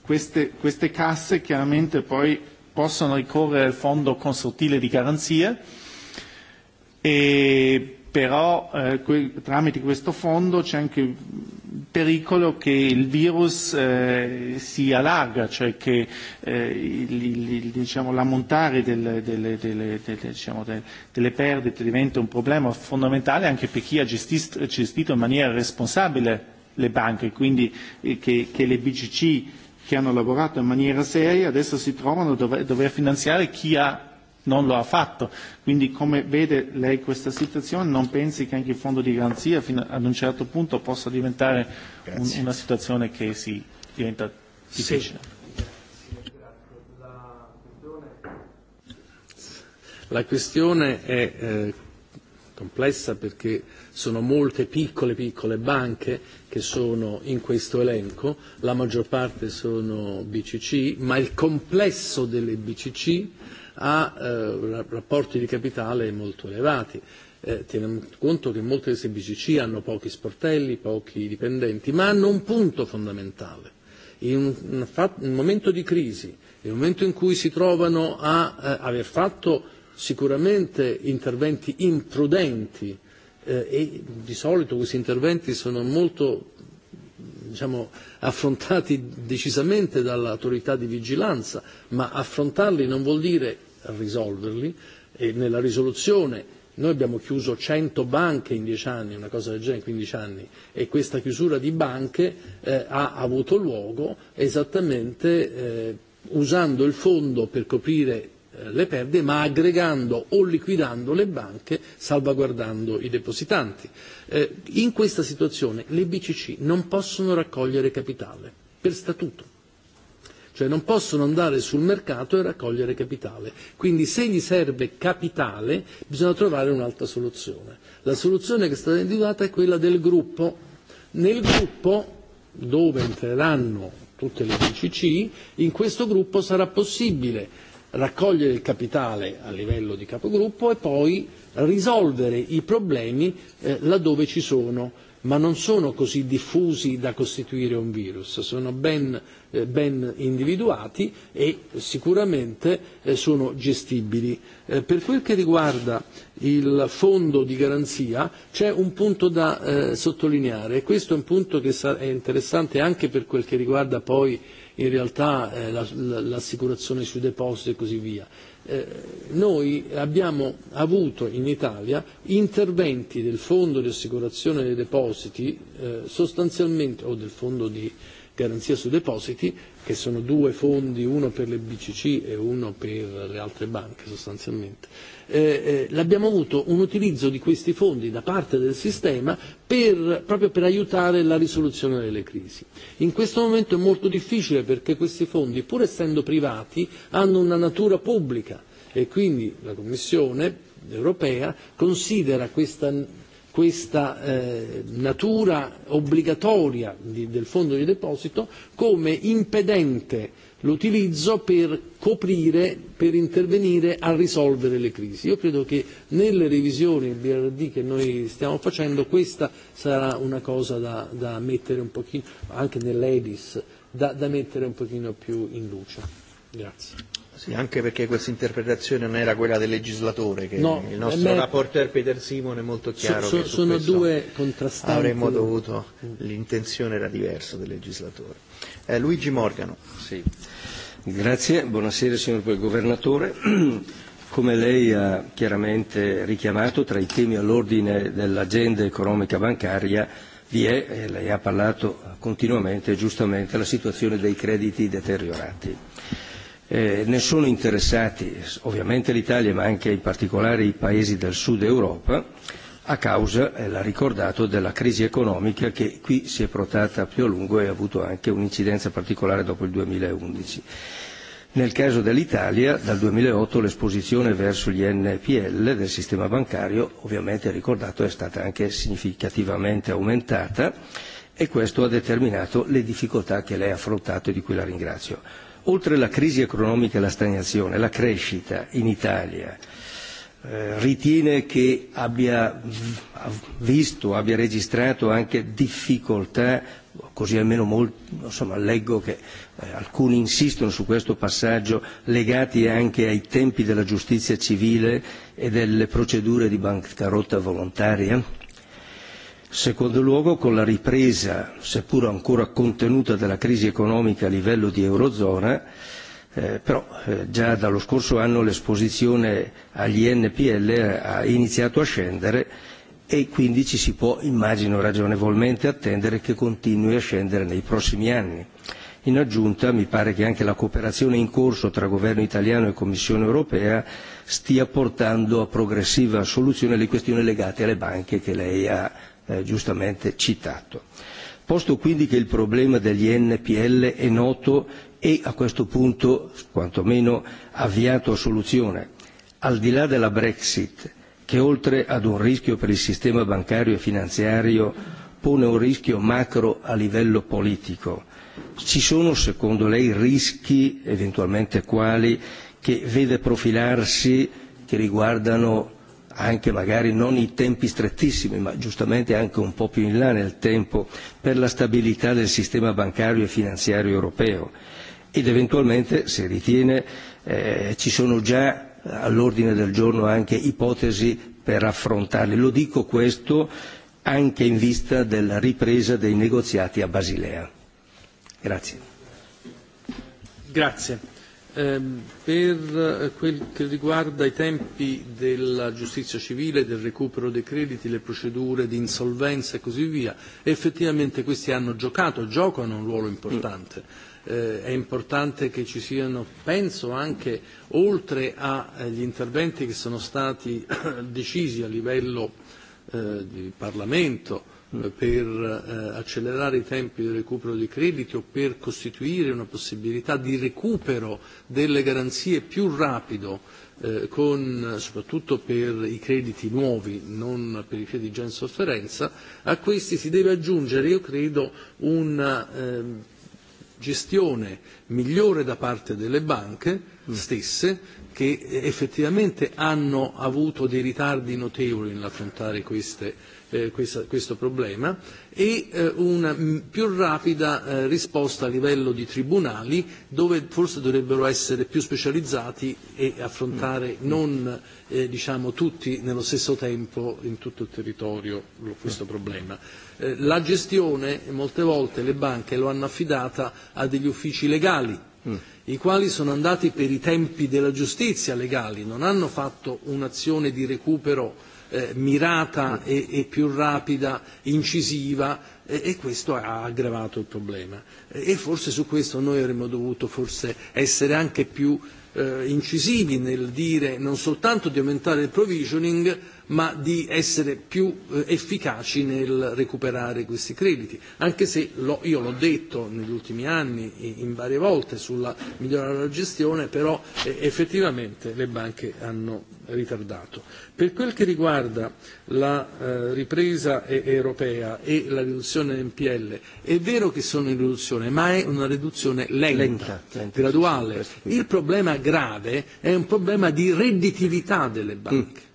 Queste casse chiaramente poi possono ricorrere al fondo consortile di garanzia e però tramite questo fondo c'è anche il pericolo che il virus si allarga, cioè che diciamo, l'ammontare delle, delle, delle, diciamo, delle perdite diventa un problema fondamentale anche per chi ha gestito in maniera responsabile le banche, quindi che, che le BCC che hanno lavorato in maniera seria adesso si trovano a dover finanziare chi ha non lo ha fatto. Quindi come vede lei questa situazione non pensi che anche il fondo di garanzia fino ad un certo punto possa diventare una situazione che si diventa difficile? La questione è complessa perché sono molte piccole piccole banche che sono in questo elenco, la maggior parte sono BCC, ma il complesso delle BCC ha rapporti di capitale molto elevati. Teniamo conto che molte delle hanno pochi sportelli, pochi dipendenti, ma hanno un punto fondamentale. In un momento di crisi, un momento in cui si trovano a aver fatto sicuramente interventi imprudenti, e di solito questi interventi sono molto diciamo, affrontati decisamente dall'autorità di vigilanza, ma affrontarli non vuol dire risolverli e nella risoluzione noi abbiamo chiuso 100 banche in 10 anni, una cosa del genere, in 15 anni, e questa chiusura di banche ha avuto luogo esattamente usando il fondo per coprire le perdite, ma aggregando o liquidando le banche, salvaguardando i depositanti. In questa situazione le BCC non possono raccogliere capitale, per statuto cioè non possono andare sul mercato e raccogliere capitale. Quindi se gli serve capitale bisogna trovare un'altra soluzione. La soluzione che è stata individuata è quella del gruppo. Nel gruppo dove entreranno tutte le BCC, in questo gruppo sarà possibile raccogliere il capitale a livello di capogruppo e poi risolvere i problemi laddove ci sono ma non sono così diffusi da costituire un virus, sono ben individuati e sicuramente sono gestibili. Per quel che riguarda il fondo di garanzia c'è un punto da sottolineare e questo è un punto che è interessante anche per quel che riguarda poi in realtà l'assicurazione sui depositi e così via noi abbiamo avuto in Italia interventi del fondo di assicurazione dei depositi sostanzialmente o del fondo di garanzia sui depositi che sono due fondi uno per le BCC e uno per le altre banche sostanzialmente l'abbiamo avuto un utilizzo di questi fondi da parte del sistema per proprio per aiutare la risoluzione delle crisi. In questo momento è molto difficile perché questi fondi pur essendo privati hanno una natura pubblica e quindi la Commissione europea considera questa questa natura obbligatoria del fondo di deposito come impedente l'utilizzo per coprire, per intervenire a risolvere le crisi. Io credo che nelle revisioni del BRD che noi stiamo facendo questa sarà una cosa da, da mettere un pochino, anche nell'EDIS, da, da mettere un pochino più in luce. Grazie. Sì, anche perché questa interpretazione non era quella del legislatore, che il nostro rapporter Peter Simon è molto chiaro che sono due contrastanti. avremmo dovuto, l'intenzione era diversa del legislatore. Luigi Morgano. Sì. Grazie, buonasera signor Governatore. Come lei ha chiaramente richiamato, tra i temi all'ordine dell'agenda economica bancaria vi è, e lei ha parlato continuamente e giustamente, la situazione dei crediti deteriorati. Ne sono interessati ovviamente l'Italia ma anche in particolare i paesi del sud Europa a causa, l'ha ricordato, della crisi economica che qui si è protratta più a lungo e ha avuto anche un'incidenza particolare dopo il 2011. Nel caso dell'Italia, dal 2008 l'esposizione verso gli NPL del sistema bancario, ovviamente ricordato, è stata anche significativamente aumentata e questo ha determinato le difficoltà che lei ha affrontato e di cui la ringrazio. Oltre la crisi economica e la stagnazione, la crescita in Italia ritiene che abbia visto, abbia registrato anche difficoltà, così almeno molti, insomma leggo che alcuni insistono su questo passaggio, legati anche ai tempi della giustizia civile e delle procedure di bancarotta volontaria. Secondo luogo, con la ripresa, seppur ancora contenuta, della crisi economica a livello di Eurozona, però già dallo scorso anno l'esposizione agli NPL ha iniziato a scendere e quindi ci si può, immagino ragionevolmente, attendere che continui a scendere nei prossimi anni. In aggiunta mi pare che anche la cooperazione in corso tra governo italiano e Commissione europea stia portando a progressiva soluzione le questioni legate alle banche che lei ha giustamente citato. Posto quindi che il problema degli NPL è noto e a questo punto quantomeno avviato a soluzione al di là della Brexit che oltre ad un rischio per il sistema bancario e finanziario pone un rischio macro a livello politico ci sono secondo lei rischi eventualmente quali che vede profilarsi che riguardano anche magari non i tempi strettissimi ma giustamente anche un po' più in là nel tempo per la stabilità del sistema bancario e finanziario europeo ed eventualmente, se ritiene, ci sono già all'ordine del giorno anche ipotesi per affrontarle. Lo dico questo anche in vista della ripresa dei negoziati a Basilea. Grazie. Grazie. Per quel che riguarda i tempi della giustizia civile, del recupero dei crediti, le procedure di insolvenza e così via, effettivamente questi hanno giocato, giocano un ruolo importante è importante che ci siano, penso anche oltre agli interventi che sono stati decisi a livello di Parlamento per accelerare i tempi di recupero dei crediti o per costituire una possibilità di recupero delle garanzie più rapido con soprattutto per i crediti nuovi, non per i crediti già in sofferenza, a questi si deve aggiungere, io credo, una gestione migliore da parte delle banche stesse che effettivamente hanno avuto dei ritardi notevoli nell'affrontare queste questo problema e una più rapida risposta a livello di tribunali dove forse dovrebbero essere più specializzati e affrontare non diciamo tutti nello stesso tempo in tutto il territorio questo problema. La gestione molte volte le banche lo hanno affidata a degli uffici legali i quali sono andati per i tempi della giustizia legali, non hanno fatto un'azione di recupero mirata e più rapida, incisiva e questo ha aggravato il problema e forse su questo noi avremmo dovuto forse essere anche più incisivi nel dire non soltanto di aumentare il provisioning ma di essere più efficaci nel recuperare questi crediti, anche se io l'ho detto negli ultimi anni in varie volte sulla migliorare la gestione, però effettivamente le banche hanno ritardato. Per quel che riguarda la ripresa europea e la riduzione NPL, è vero che sono in riduzione, ma è una riduzione lenta, graduale. Il problema grave è un problema di redditività delle banche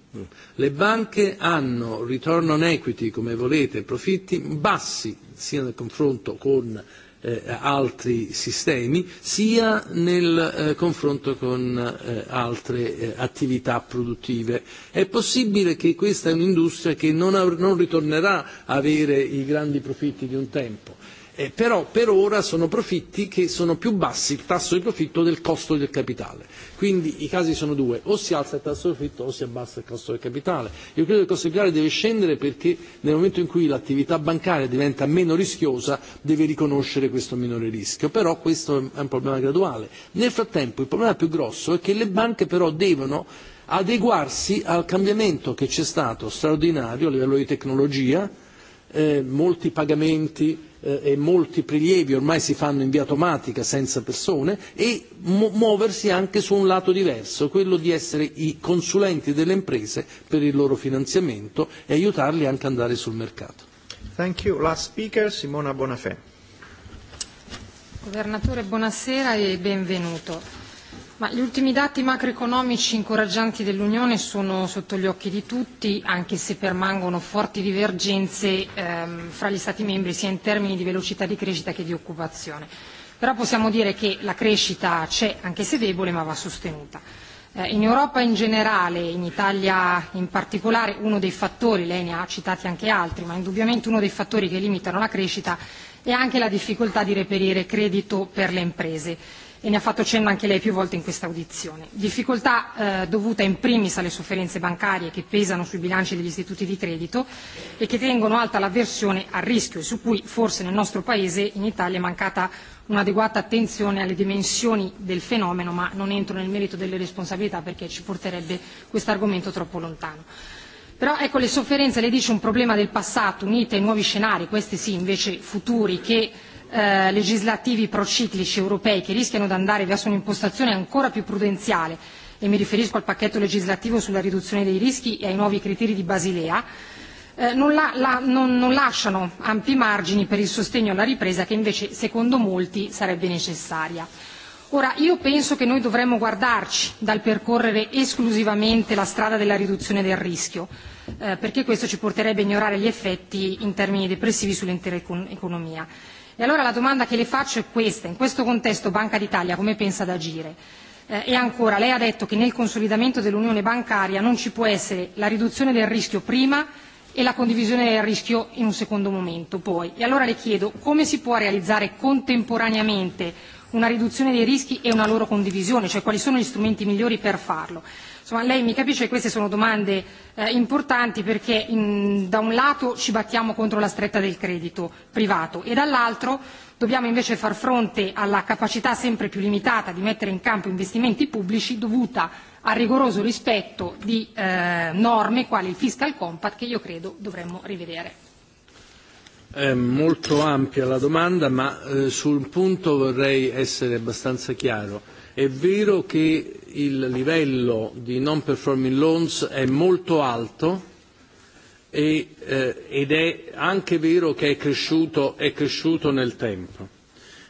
Le banche hanno return on equity, come volete, profitti bassi sia nel confronto con altri sistemi, sia nel confronto con altre attività produttive. È possibile che questa è un'industria che non ritornerà a avere i grandi profitti di un tempo però per ora sono profitti che sono più bassi il tasso di profitto del costo del capitale. Quindi i casi sono due, o si alza il tasso di profitto o si abbassa il costo del capitale. Io credo che il costo del capitale deve scendere perché nel momento in cui l'attività bancaria diventa meno rischiosa deve riconoscere questo minore rischio, però questo è un problema graduale. Nel frattempo il problema più grosso è che le banche però devono adeguarsi al cambiamento che c'è stato straordinario a livello di tecnologia, molti pagamenti e molti prelievi ormai si fanno in via automatica senza persone e muoversi anche su un lato diverso, quello di essere i consulenti delle imprese per il loro finanziamento e aiutarli anche ad andare sul mercato. Thank you. Last speaker, Simona Bonafè. Governatore, buonasera e benvenuto. Ma gli ultimi dati macroeconomici incoraggianti dell'Unione sono sotto gli occhi di tutti, anche se permangono forti divergenze fra gli Stati membri sia in termini di velocità di crescita che di occupazione. Però possiamo dire che la crescita c'è, anche se debole, ma va sostenuta. In Europa in generale, in Italia in particolare, uno dei fattori, lei ne ha citati anche altri, ma indubbiamente uno dei fattori che limitano la crescita è anche la difficoltà di reperire credito per le imprese e ne ha fatto cenno anche lei più volte in questa audizione. Difficoltà dovuta in primis alle sofferenze bancarie che pesano sui bilanci degli istituti di credito e che tengono alta l'avversione al rischio e su cui forse nel nostro Paese, in Italia, è mancata un'adeguata attenzione alle dimensioni del fenomeno, ma non entro nel merito delle responsabilità perché ci porterebbe questo argomento troppo lontano. Però ecco le sofferenze, lei dice, un problema del passato unite ai nuovi scenari, questi sì invece futuri, che legislativi prociclici europei che rischiano di andare verso un'impostazione ancora più prudenziale e mi riferisco al pacchetto legislativo sulla riduzione dei rischi e ai nuovi criteri di Basilea, non lasciano ampi margini per il sostegno alla ripresa che invece, secondo molti, sarebbe necessaria. Ora, io penso che noi dovremmo guardarci dal percorrere esclusivamente la strada della riduzione del rischio, perché questo ci porterebbe a ignorare gli effetti in termini depressivi sull'intera economia. E allora la domanda che le faccio è questa. In questo contesto Banca d'Italia come pensa ad agire? E ancora, lei ha detto che nel consolidamento dell'unione bancaria non ci può essere la riduzione del rischio prima e la condivisione del rischio in un secondo momento poi. E allora le chiedo come si può realizzare contemporaneamente una riduzione dei rischi e una loro condivisione, cioè quali sono gli strumenti migliori per farlo. Insomma, lei mi capisce che queste sono domande importanti perché da un lato ci battiamo contro la stretta del credito privato e dall'altro dobbiamo invece far fronte alla capacità sempre più limitata di mettere in campo investimenti pubblici dovuta al rigoroso rispetto di norme quali il fiscal compact che io credo dovremmo rivedere. È molto ampia la domanda, ma sul punto vorrei essere abbastanza chiaro. È vero che il livello di non performing loans è molto alto ed è anche vero che è cresciuto è cresciuto nel tempo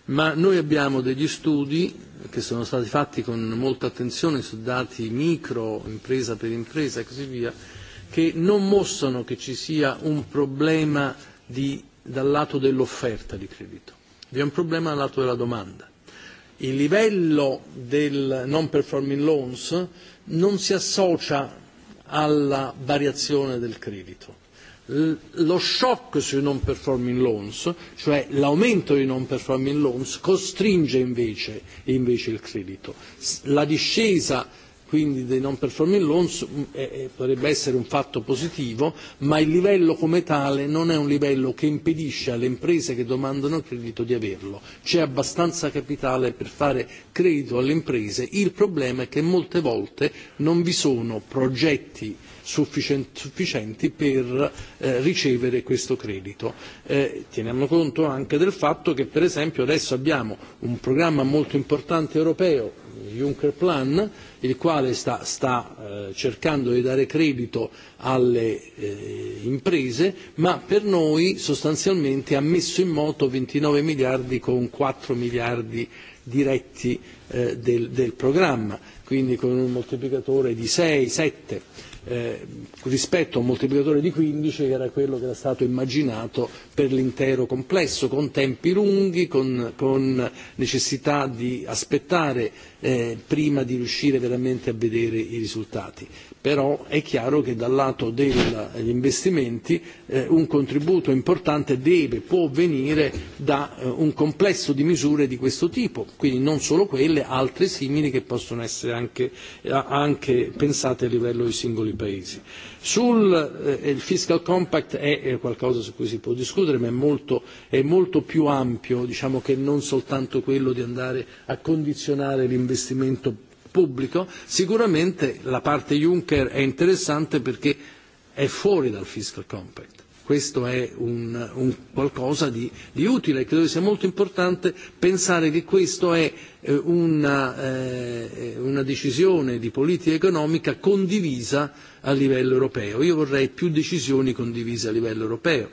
ma noi abbiamo degli studi che sono stati fatti con molta attenzione su dati micro impresa per impresa e così via che non mostrano che ci sia un problema di dal lato dell'offerta di credito, vi è un problema dal lato della domanda. Il livello del non performing loans non si associa alla variazione del credito. Lo shock sui non performing loans, cioè l'aumento dei non performing loans, costringe invece il credito. La discesa quindi dei non performing loans potrebbe essere un fatto positivo, ma il livello come tale non è un livello che impedisce alle imprese che domandano credito di averlo. C'è abbastanza capitale per fare credito alle imprese, il problema è che molte volte non vi sono progetti sufficienti per ricevere questo credito. Teniamo conto anche del fatto che per esempio adesso abbiamo un programma molto importante europeo, Juncker Plan, il quale sta cercando di dare credito alle imprese, ma per noi sostanzialmente ha messo in moto 29 miliardi con 4 miliardi diretti del programma, quindi con un moltiplicatore di 6, 7 rispetto a un moltiplicatore di 15 che era quello che era stato immaginato per l'intero complesso, con tempi lunghi, con necessità di aspettare prima di riuscire veramente a vedere i risultati però è chiaro che dal lato degli investimenti un contributo importante deve, può venire da un complesso di misure di questo tipo, quindi non solo quelle, altre simili che possono essere anche pensate a livello dei singoli paesi. Sul il fiscal compact è qualcosa su cui si può discutere, ma è molto più ampio, diciamo che non soltanto quello di andare a condizionare l'investimento pubblico, sicuramente la parte Juncker è interessante perché è fuori dal fiscal compact. Questo è un qualcosa di utile e credo sia molto importante pensare che questa è una decisione di politica economica condivisa a livello europeo. Io vorrei più decisioni condivise a livello europeo.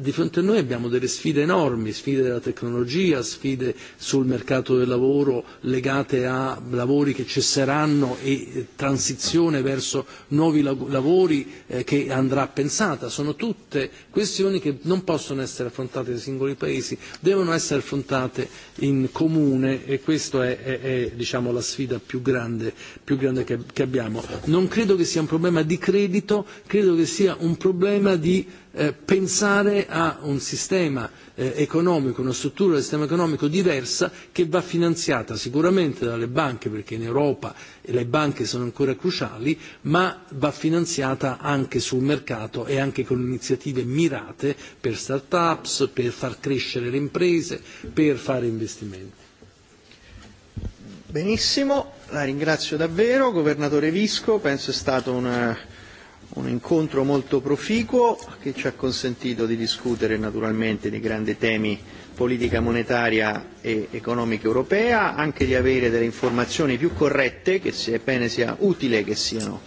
Di fronte a noi abbiamo delle sfide enormi, sfide della tecnologia, sfide sul mercato del lavoro legate a lavori che cesseranno e transizione verso nuovi lavori che andrà pensata. Sono tutte questioni che non possono essere affrontate dai singoli paesi, devono essere affrontate in comune e questa è diciamo la sfida più grande che abbiamo. Non credo che sia un problema di credito, credo che sia un problema di pensare a un sistema economico, una struttura del sistema economico diversa che va finanziata sicuramente dalle banche perché in Europa le banche sono ancora cruciali, ma va finanziata anche sul mercato e anche con iniziative mirate per start-ups, per far crescere le imprese, per fare investimenti. la ringrazio davvero, Governatore Visco, un incontro molto proficuo che ci ha consentito di discutere naturalmente dei grandi temi politica monetaria e economica europea, anche di avere delle informazioni più corrette, che sebbene bene sia utile che siano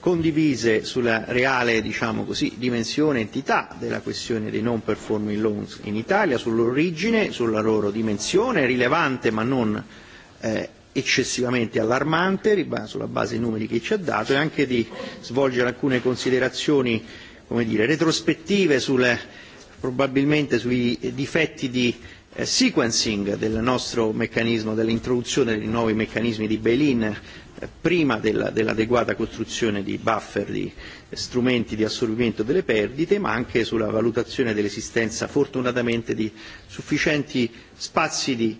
condivise sulla reale diciamo così, dimensione e entità della questione dei non performing loans in Italia, sull'origine, sulla loro dimensione, rilevante ma non eccessivamente allarmante sulla base dei numeri che ci ha dato e anche di svolgere alcune considerazioni come dire retrospettive probabilmente sui difetti di sequencing del nostro meccanismo dell'introduzione dei nuovi meccanismi di bail in prima dell'adeguata costruzione di buffer di strumenti di assorbimento delle perdite ma anche sulla valutazione dell'esistenza fortunatamente di sufficienti spazi di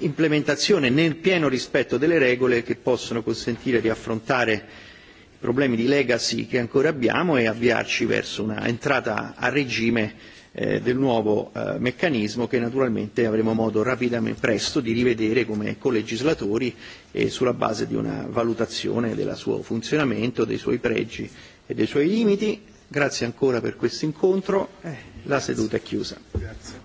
implementazione nel pieno rispetto delle regole che possono consentire di affrontare i problemi di legacy che ancora abbiamo e avviarci verso un'entrata a regime del nuovo meccanismo che naturalmente avremo modo rapidamente presto di rivedere come colegislatori e sulla base di una valutazione del suo funzionamento, dei suoi pregi e dei suoi limiti. Grazie ancora per questo incontro. La seduta è chiusa.